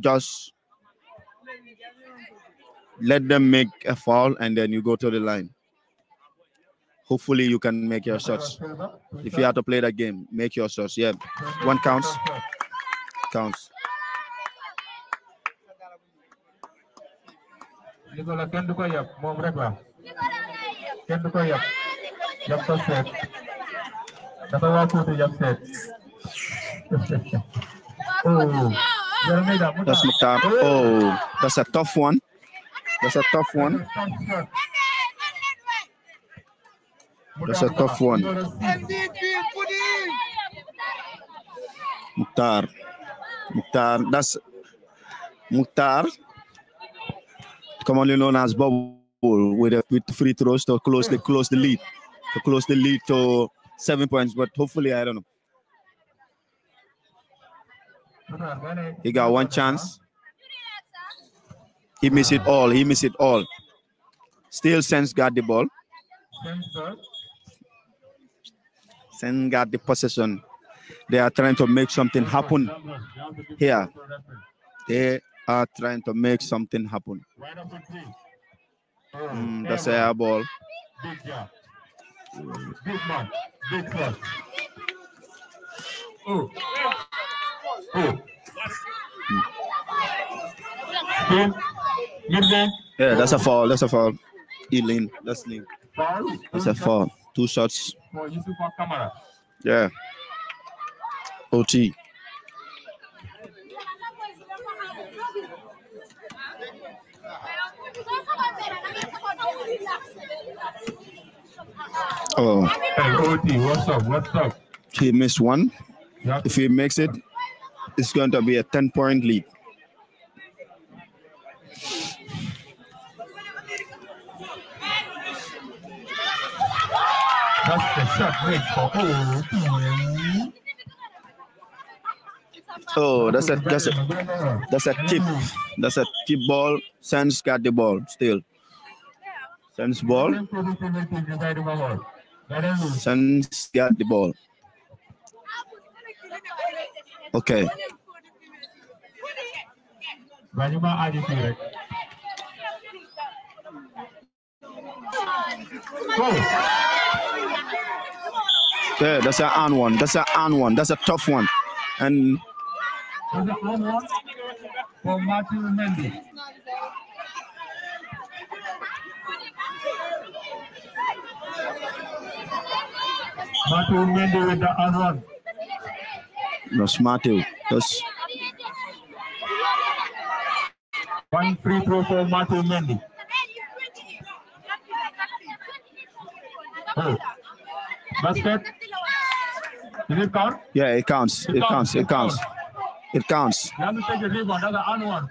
Just let them make a foul and then you go to the line. Hopefully you can make your shots. If you have to play that game, make your shots. Yeah. One counts. Counts. Nicolas kenn du ko yab moom rek la kenn du ko yab yab ko seet dafa waa Fuuta yab seet oh that's Mukhtar oh that's a tough one that's a tough one that's a tough one Mutar, mutar. that's mutar commonly known as bubble with a, with free throws to close the close the lead, to close the lead to seven points. But hopefully, I don't know. He got one chance. He missed it all. He missed it all. Still, Sense got the ball. Sense got the possession. They are trying to make something happen here. They are trying to make something happen. Mm, that's a ball. Big man. Big man. Oh. Oh. Yeah, that's a fall. That's a fall. E lane. That's lane. That's a fall. Two shots. Yeah. OT. Oh. Hey, OT, what's up? What's up? He missed one. Yep. If he makes it, it's going to be a 10 point lead. That's the shot made for OT. Oh, that's a that's a that's a tip. Mm. That's a tip ball. Sands got the ball still. Sends ball. Sends got the ball. Okay. Yeah, that's an on one. That's an on one. That's a tough one. And. Matthew Mendy with the on one. That's Matthew. Yes. one free throw for Matthew Mendy. Oh. Basket. Did it count? Yeah, it counts. It, it counts. counts. It, counts. It counts. take a rebound. That's an on one.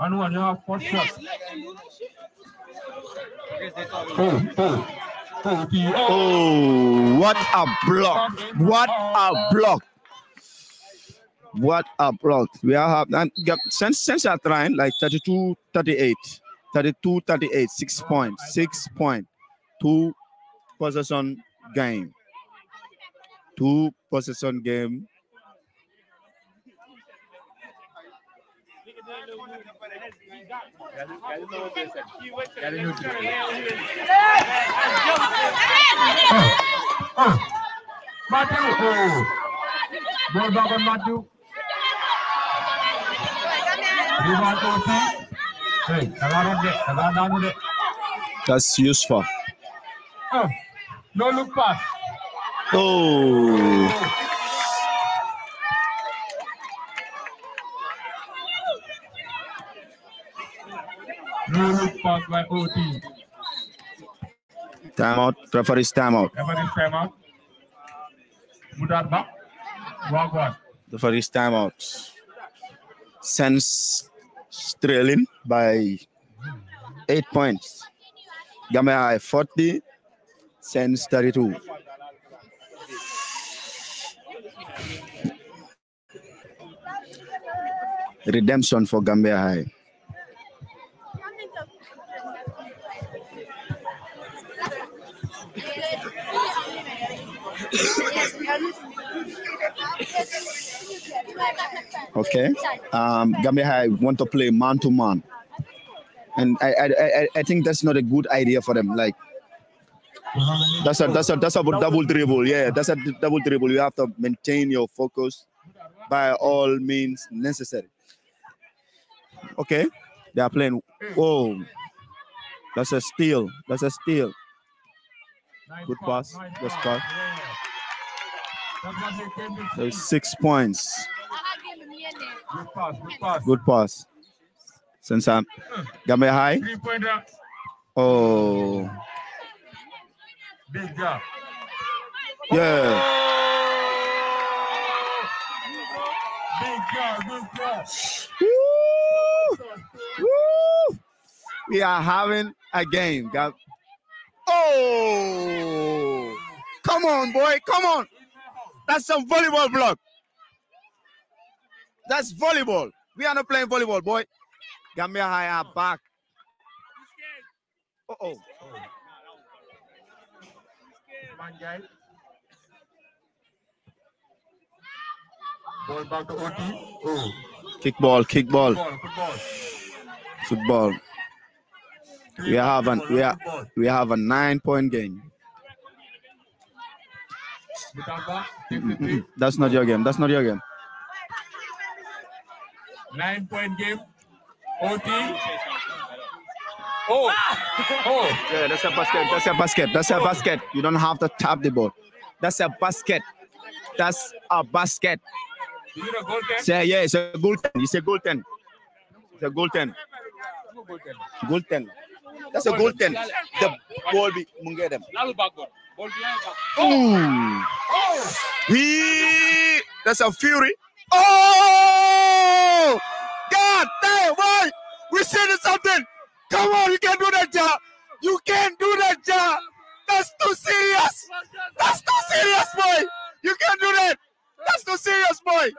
On one, you have four shots. Oh, oh. Oh, what a block! What a block! What a block! We are have and since since are trying like 32 38, 32 38, six point, six point, two possession game, two possession game Matthew, oh. Ball Matthew. Hey, That's useful. Oh. No look pass. oh. pass by OT. Timeout. Referee's timeout. Referee's timeout. Mudarba, back. one. Referee's timeout. Sends trailing by eight points. Gambia 40, Sens 32. Redemption for Gambia High. okay. Um, Gambia High want to play man to man, and I, I I I think that's not a good idea for them. Like that's a that's a that's a double dribble. Yeah, that's a double dribble. You have to maintain your focus by all means necessary. Okay, they are playing. Whoa, that's a steal. That's a steal. Good pass. Good pass. So six points. Good pass. Good pass. Good pass. Since I'm Gambia High. Oh. Big gap. Yeah. Big gap. Big gap. We are having a game. Oh. Come on, boy. Come on. That's some volleyball block. That's volleyball. We are not playing volleyball, boy. Gambia High are back. Uh oh. Ball back to Oti. Oh. Kickball, kickball. Football, football. football. We have an we are, we have a nine point game. That's not your game. That's not your game. Nine point game. OT. Oh. Ah. Oh. Yeah, that's a basket. That's a basket. That's a basket. You don't have to tap the ball. That's a basket. That's a basket. Is it a goal 10? yeah, it's a goal 10. It's a goal 10. It's a goal 10. That's a goal The ball be Mungadem. Volvió a That's a fury. Oh! God damn, why? We said something. Come on, you can't do that, Ja. You can't do that, Ja. That's too serious. That's too serious, boy. You can't do that. That's too serious, boy.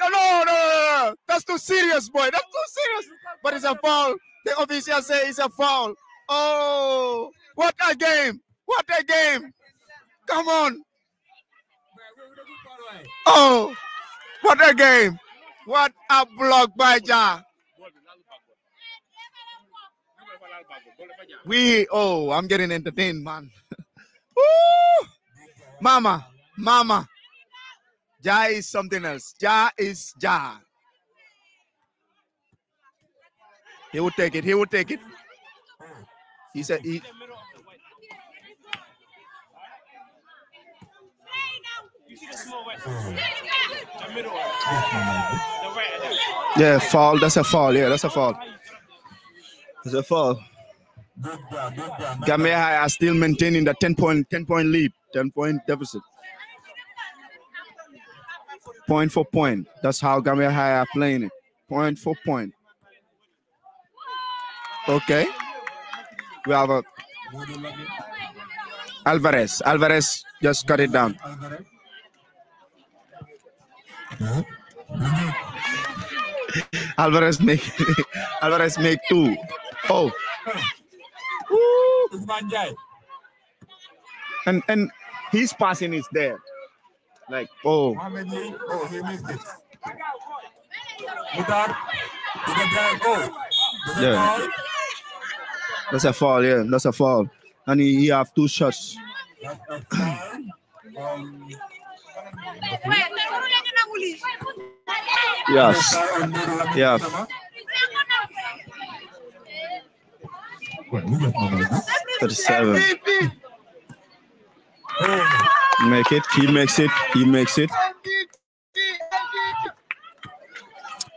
No, no, no, no, That's too serious, boy. That's too serious. But it's a foul. The official say it's a foul. Oh, what a game. What a game! Come on! Oh, what a game! What a block by Ja! We oh, I'm getting entertained, man. Woo! Mama, mama. Ja is something else. Ja is Ja. He will take it. He will take it. He said he, Yeah, fall. That's a fall. Yeah, that's a fall. That's a fall. Gamera are still maintaining the 10 point, 10 point lead, 10 point deficit. Point for point. That's how Gamera High are playing it. Point for point. Okay. We have a Alvarez. Alvarez just cut it down. Alvarez make Alvarez make two. Oh. And and his passing is there. Like oh. Oh, he missed it. Mutar, yeah. That's a fall, yeah. That's a fall. And he, he have two shots. um, Yes. Yes. Thirty-seven. Make it. He makes it. He makes it.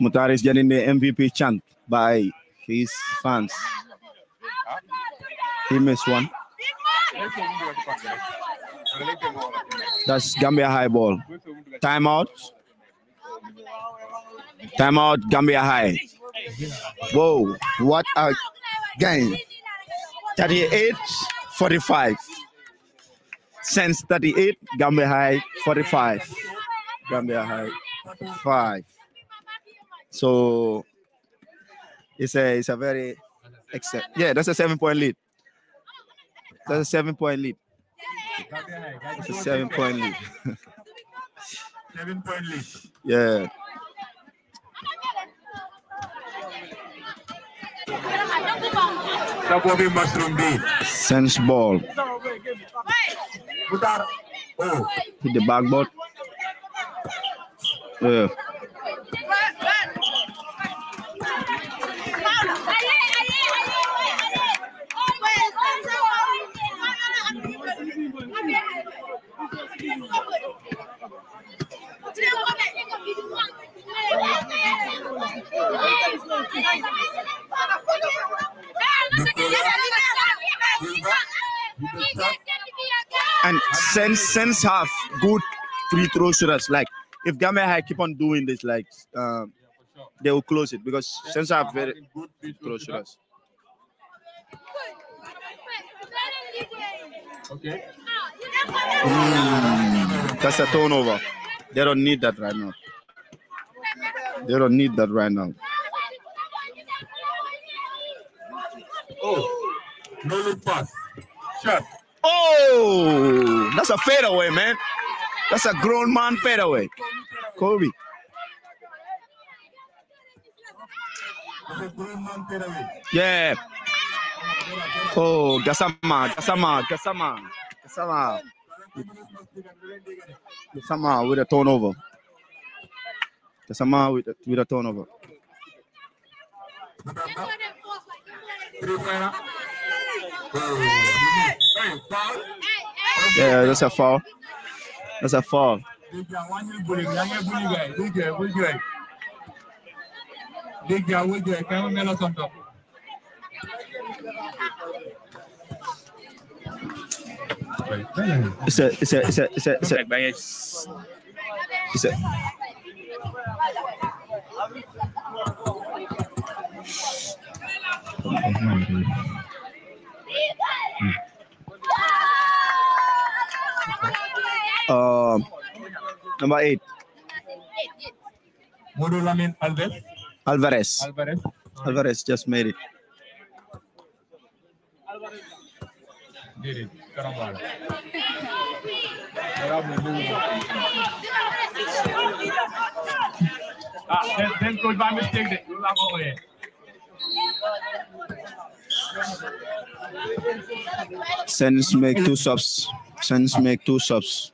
Mutar is getting the MVP chant by his fans. He missed one. That's Gambia high ball. Timeout. Timeout, Gambia high. Whoa, what a game. 38 45. Sense 38, Gambia high 45. Gambia high 5. So it's a, it's a very, except. yeah, that's a seven point lead. That's a seven point lead. It's a Seven point lead. Seven point lead. Yeah. Sabobi mushroom beat. Sense ball. Oh. Hit the backboard. Yeah. And sense, sends have good free throw shooters. Like if Gambia had keep on doing this, like um, they will close it because since have very good free throw shooters. Okay. Mm, that's a turnover. They don't need that right now. They don't need that right now. Oh, no look pass. Shot. Oh, that's a fadeaway, man. That's a grown man fadeaway. Kobe. Yeah. Oh, Gasama, Gasama, Gasama, Gasama. Gasama with a turnover with, with a turnover. Yeah, that's a foul. That's a foul. It's a, it's a, it's a, it's a, it's a, it's a, it's a um, number eight. Modulamin Alves. Alvarez. Alvarez. Alvarez just made it. Did it. Caramba. Ah, then, then by mistake. Then. you make two subs. Sense make two subs.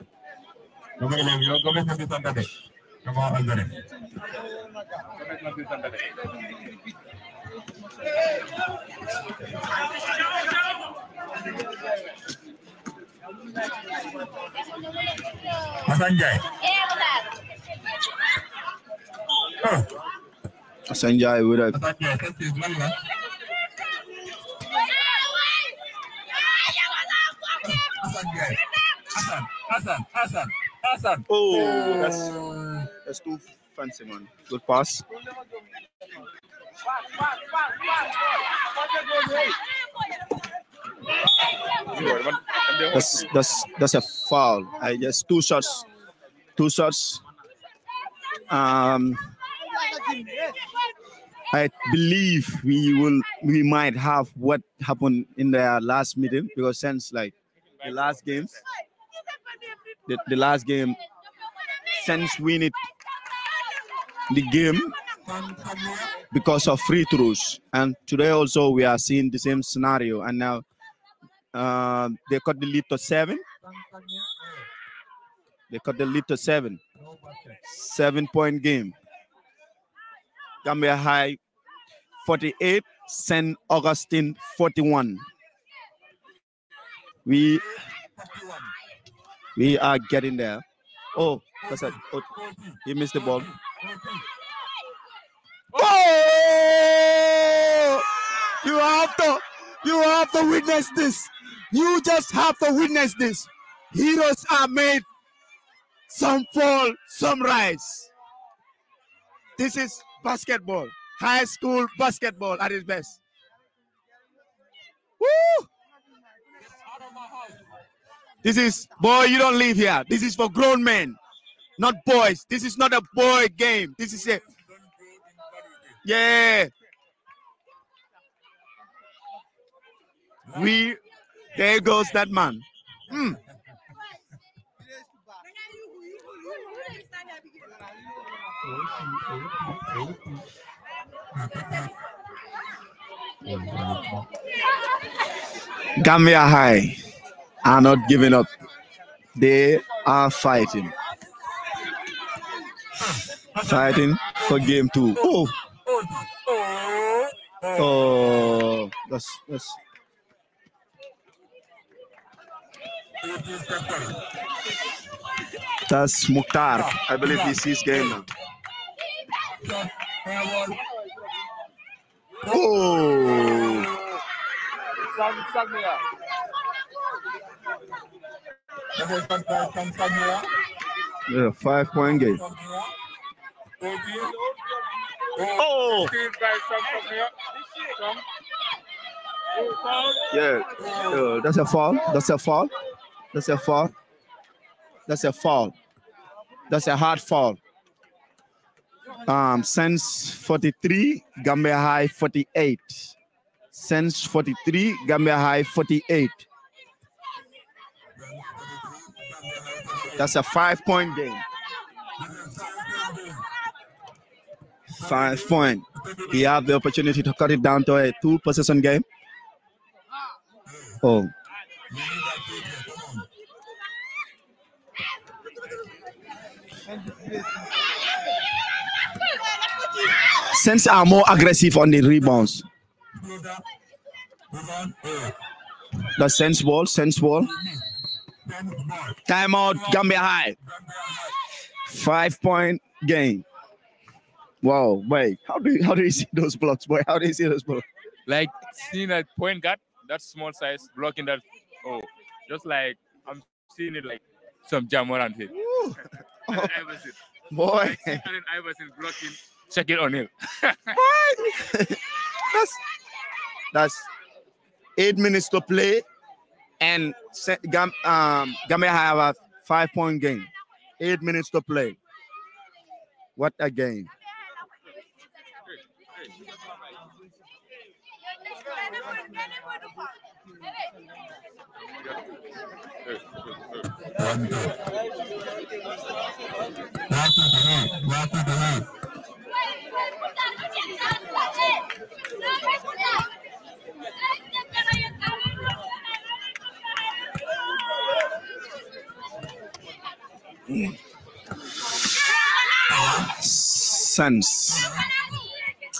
Sanjay Virk Oh, that's that's too fancy, man. Good pass. That's that's that's a foul. I just two shots, two shots. Um, I believe we will we might have what happened in the last meeting because since like the last games the, the last game since we need the game because of free throws and today also we are seeing the same scenario and now uh, they cut the lead to seven they cut the lead to seven seven point game Gambia High 48, St. Augustine 41. We we are getting there. Oh, that's it. Oh, he missed the ball. Oh! You have to you have to witness this. You just have to witness this. Heroes are made. Some fall, some rise. This is basketball, high school basketball at its best. Woo! This is, boy, you don't live here. This is for grown men, not boys. This is not a boy game. This is it. yeah. We, there goes that man. Mm. Gambia High are not giving up. They are fighting. Fighting for game two. Oh, oh that's that's that's Mukhtar. I believe he sees game now. Got that one. Oh! Suck, suck me up. Yeah, five point game. Oh! Yeah, uh, that's a fall. That's a fall. That's a fall. That's a fall. That's a hard fall. Um, Sense 43, Gambia High 48. Sense 43, Gambia High 48. That's a five point game. Five point. We have the opportunity to cut it down to a two possession game. Oh. Saints are more aggressive on the rebounds. The sense ball, sense ball. Timeout, Gambia High. Five point game. Wow, wait, how do you, how do you see those blocks, boy? How do you see those blocks? Like seeing that point guard, that small size blocking that. Oh, just like I'm seeing it like some jam around here. Boy, Iverson blocking check it on him. that's that's eight minutes to play, and Gam, um, Gambia have a five-point game. Eight minutes to play. What a game!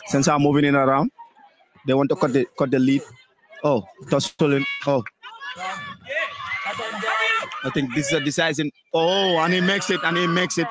since I'm moving in around. They want to cut the cut the lead. Oh, tussling. Oh. I think this is a decision. Oh, and he makes it, and he makes it.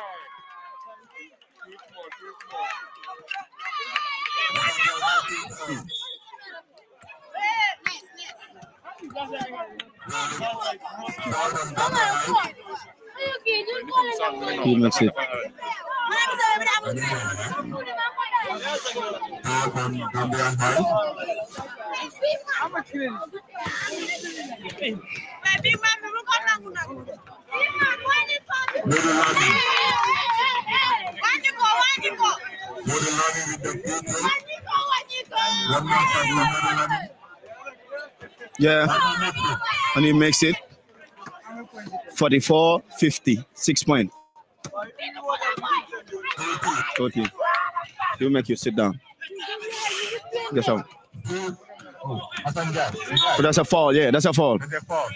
Yeah, and he makes it. 44 50, six point. Okay. You make you sit down. Yes, sir. But that's a fall, yeah, that's a fall. That's a fall.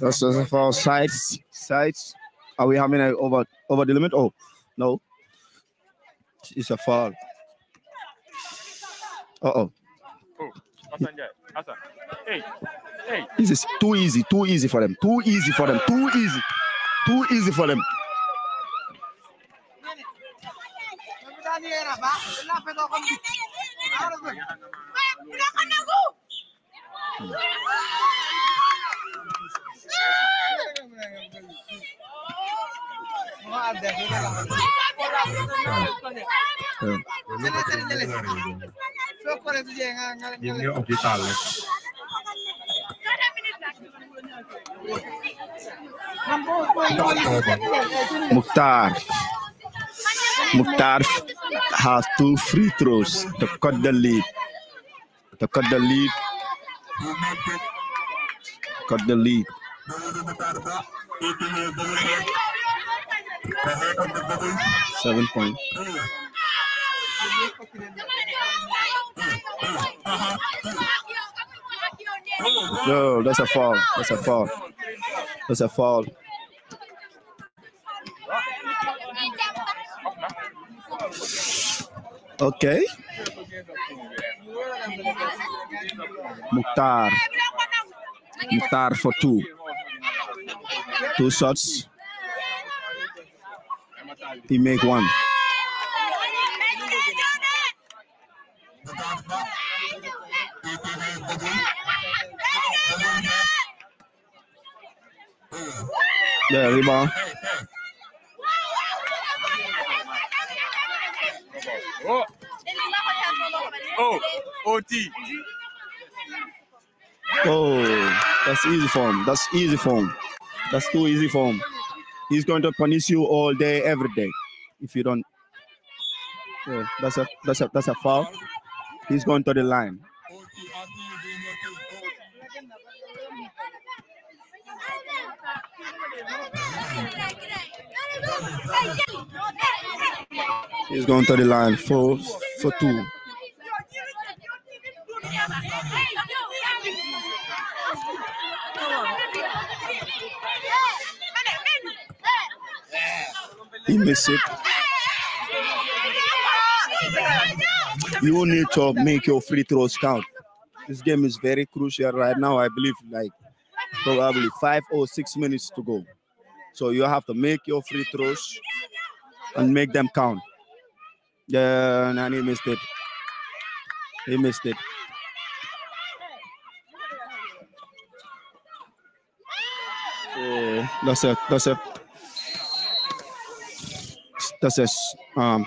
That's, a fall. Sides, sides. Are we having a over over the limit? Oh, no. It's a fall. Uh oh. Oh, Hey. This is too easy, too easy for them, too easy for them, too easy, too easy for them. Mukhtar. Mukhtar has two free throws to cut the lead. To cut the lead. Cut the lead. Seven point. No, that's a foul. That's a foul. That's a foul. Okay. Mukhtar. Mukhtar for two. Two shots. He make one. Yeah, di Oh. Oh, OT. Oh, that's easy for him. That's easy for him. That's too easy for him. He's going to punish you all day, every day, if you don't. Yeah, that's a that's a that's a foul. He's going to the line. He's going to the line for, for two. He missed it. You need to make your free throws count. This game is very crucial right now. I believe like probably five or six minutes to go. So you have to make your free throws and make them count. Yeah, and he missed it. He missed it. that's it. that's it. that's it. um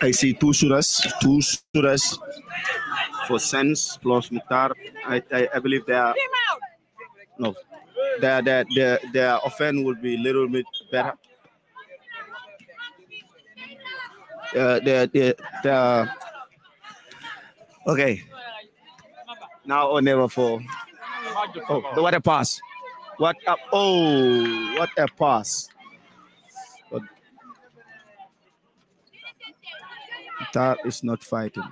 I see two surahs, two surahs for sense plus mutar. I, I, I, believe they are no, their their their their offense would be a little bit better. Uh, the, the, the, okay. Now or never for oh, what a pass! What a oh, what a pass! That is not fighting.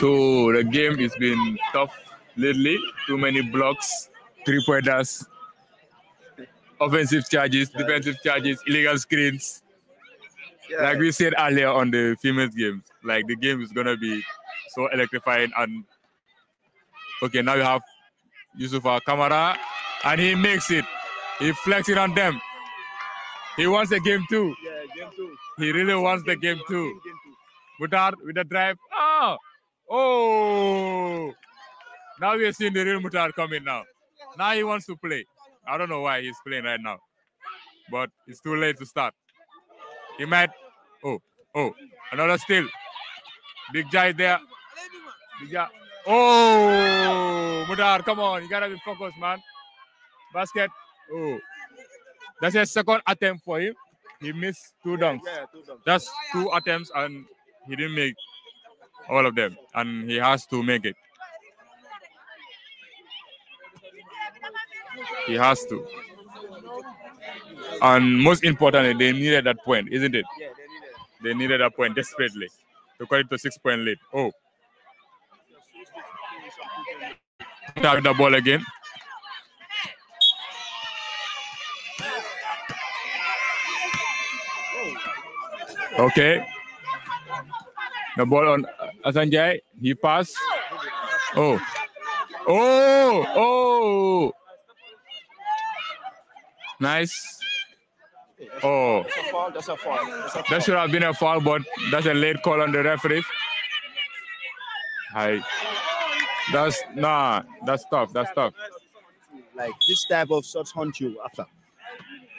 So the game has been tough lately. Too many blocks, three pointers, offensive charges, defensive charges, illegal screens. Yeah. Like we said earlier on the females games. Like the game is gonna be so electrifying. And okay, now you have Yusufa Kamara, and he makes it. He flex it on them. He wants the game too. Yeah, game two. He really wants game the game two. Mutar with the drive. Ah, oh. Now we are seeing the real Mutar coming now. Now he wants to play. I don't know why he's playing right now, but it's too late to start. He might. Oh, oh, another steal. Big Jai there. Big Jai. Oh, Mudar, come on. You got to be focused, man. Basket. Oh. That's his second attempt for him. He missed two dunks. yeah, two dunks. That's two attempts, and he didn't make all of them. And he has to make it. He has to. And most importantly, they needed that point, isn't it? Yeah, they needed. They needed that point desperately to cut it to six point lead. Oh. Tap the ball again. Okay. The ball on Asanjay. He pass. Oh. Oh. Oh. Nice. Oh. That's a foul. That's a foul. That's a foul. That should have been a foul, but that's a late call on the referee. Hi. That's nah. That's tough. That's tough. Like this type of shots hunt you after.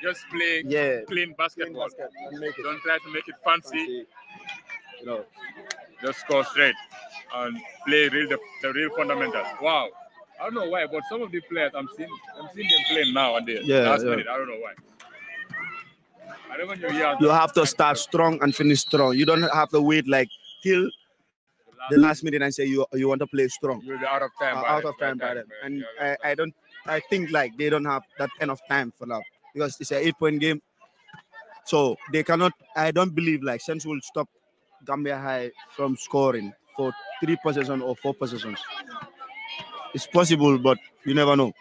Just play yeah. clean basketball. Clean basket Don't try to make it fancy. fancy. Just score straight and play real the, the real fundamentals. Wow. I don't know why, but some of the players I'm seeing I'm seeing them playing now and they yeah, last yeah. minute. I don't know why. You have to start strong and finish strong. You don't have to wait like till the last minute and say you you want to play strong. You're out of time. Uh, out of time by And I, I don't I think like they don't have that kind of time for love because it's an eight point game. So they cannot. I don't believe like Sense will stop Gambia High from scoring for three possessions or four possessions. It's possible, but you never know.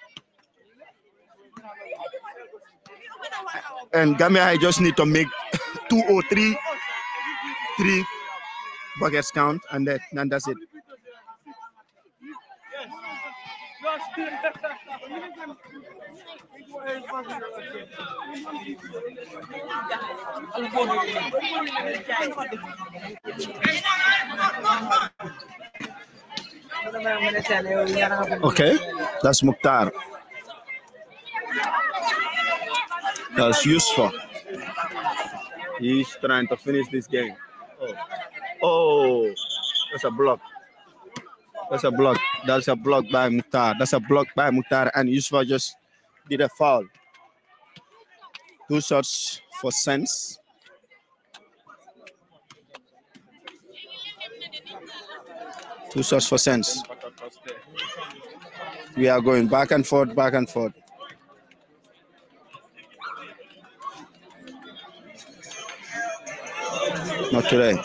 And Gambia I just need to make two or oh three, three buckets count, and then and that's it. Okay, that's Mukhtar. That's useful. He's trying to finish this game. Oh, oh that's a block. That's a block. That's a block by Mutar. That's a block by Mutar, And Yusuf just did a foul. Two shots for Sense. Two shots for Sense. We are going back and forth, back and forth. Not today.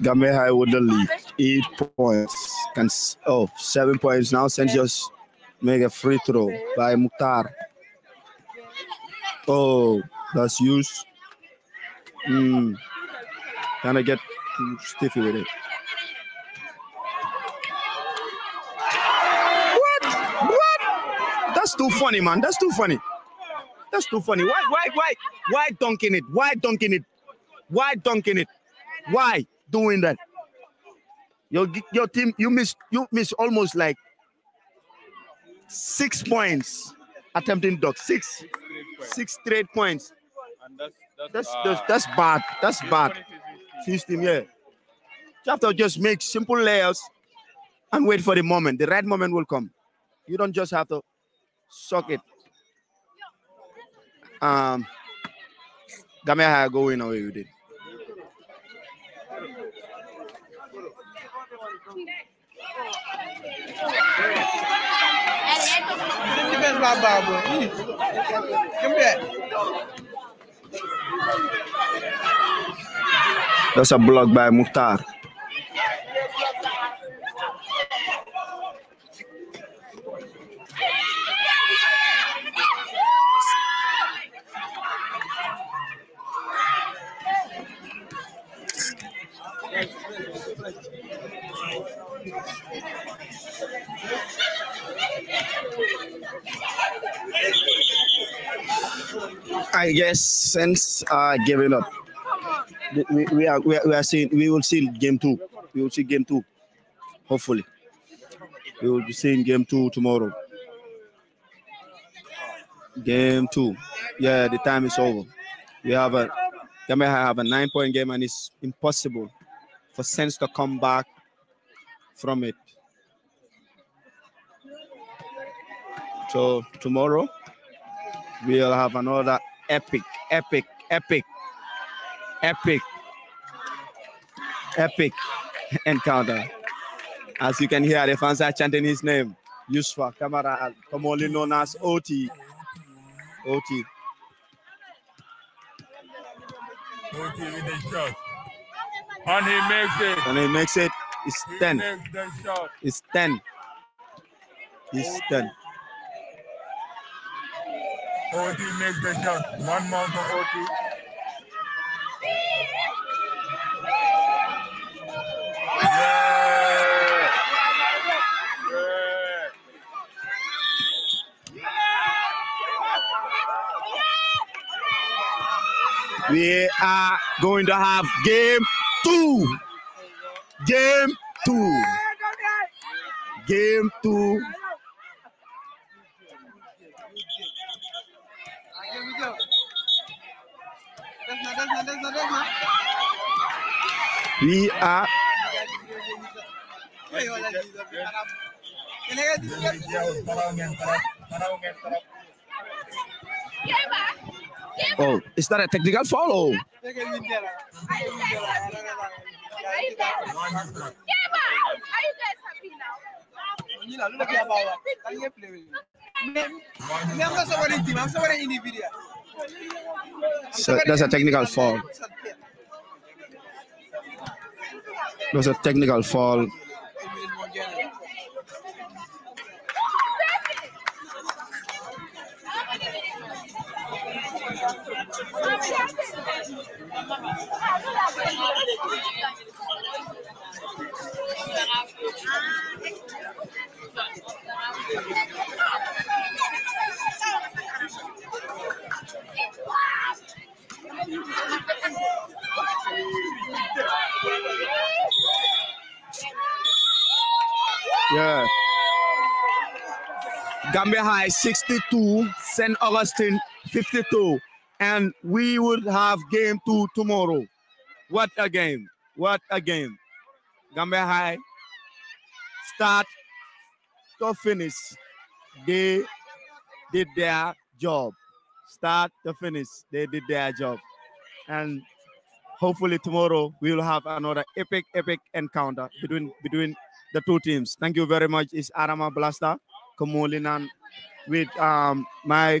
Gamay High would lead eight points Can oh seven points now. Saint just make a free throw by Mukhtar. Oh, that's used. Mm kind of get stiffy with it. What? What? That's too funny, man. That's too funny. That's too funny. Why, why, why, why dunking it? Why dunking it? Why dunking it? Why doing that? Your your team, you miss you miss almost like six points attempting dunk. Six, six straight points. And That's that's, that's, uh, that's, that's bad. That's bad system here. You have to just make simple layers and wait for the moment. The right moment will come. You don't just have to suck it. Um, Gambia had going away with it. Defense Come back. That's a block by Mukhtar. I guess since I uh, giving up we, we are we are, we are seeing we will see game two. We will see game two. Hopefully, we will be seeing game two tomorrow. Game two. Yeah, the time is over. We have a Gambia have a nine-point game, and it's impossible for Sense to come back from it. So tomorrow we'll have another epic, epic, epic epic, epic encounter. As you can hear, the fans are chanting his name, Yusuf Kamara, commonly known as OT. OT. OT with the shot. And he makes it. And he makes it. It's 10. It's 10. It's 10. OT makes the shot. One more for OT. we are going to have game two. Game two. Game two. We are. Oh, is that a technical foul? Oh. So that's a technical fall. That's a technical fall. Yeah. Gambia High 62, St. Augustine 52 and we would have game two tomorrow. What a game! What a game! Gambia High, start to finish, they did their job. Start to finish, they did their job. And hopefully tomorrow we will have another epic, epic encounter between between the two teams. Thank you very much. It's Arama Blaster Kamolinan with um, my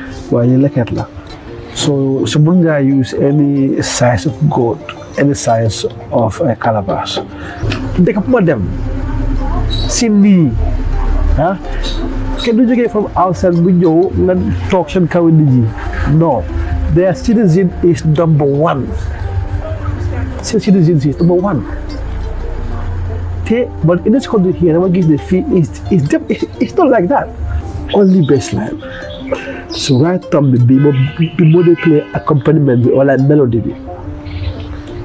while you look at So shouldn't use any size of goat, any size of a calabash? They can put them. Cindy. Huh? Can you get from outside window and talk to Kawindiji? No. Their citizen is number one. Their Citizen is number one. Okay, but in this country here, to give the fee It's is, it's not like that. Only baseline. Swagtom, the play accompaniment bi wala melody bi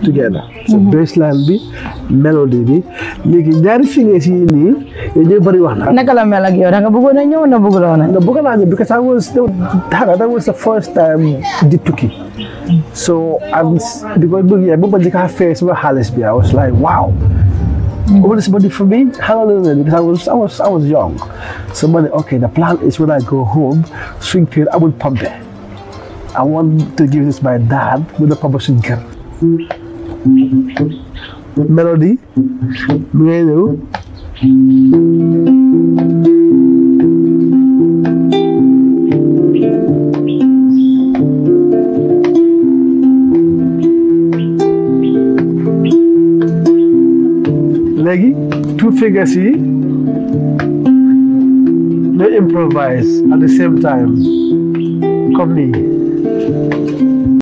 together. So baseline bi melody bi legi ñaari singers yi ni ñu bari wax na naka la mel ak yow da nga bëggoon ñëw na bëggul woon na bëgg naa ñëw because I was that, that was the first time di tukki so I'm because bu yeah bu ma jika face ma halis bi I was like wow But, it's, money for me, hallelujah, because I was, I was, I was young. Somebody, okay, the plan is when I go home, swing period, I will pump it. I want to give this my dad with a publishing girl. Melody, melody. Configuracy, they improvise at the same time. Come me.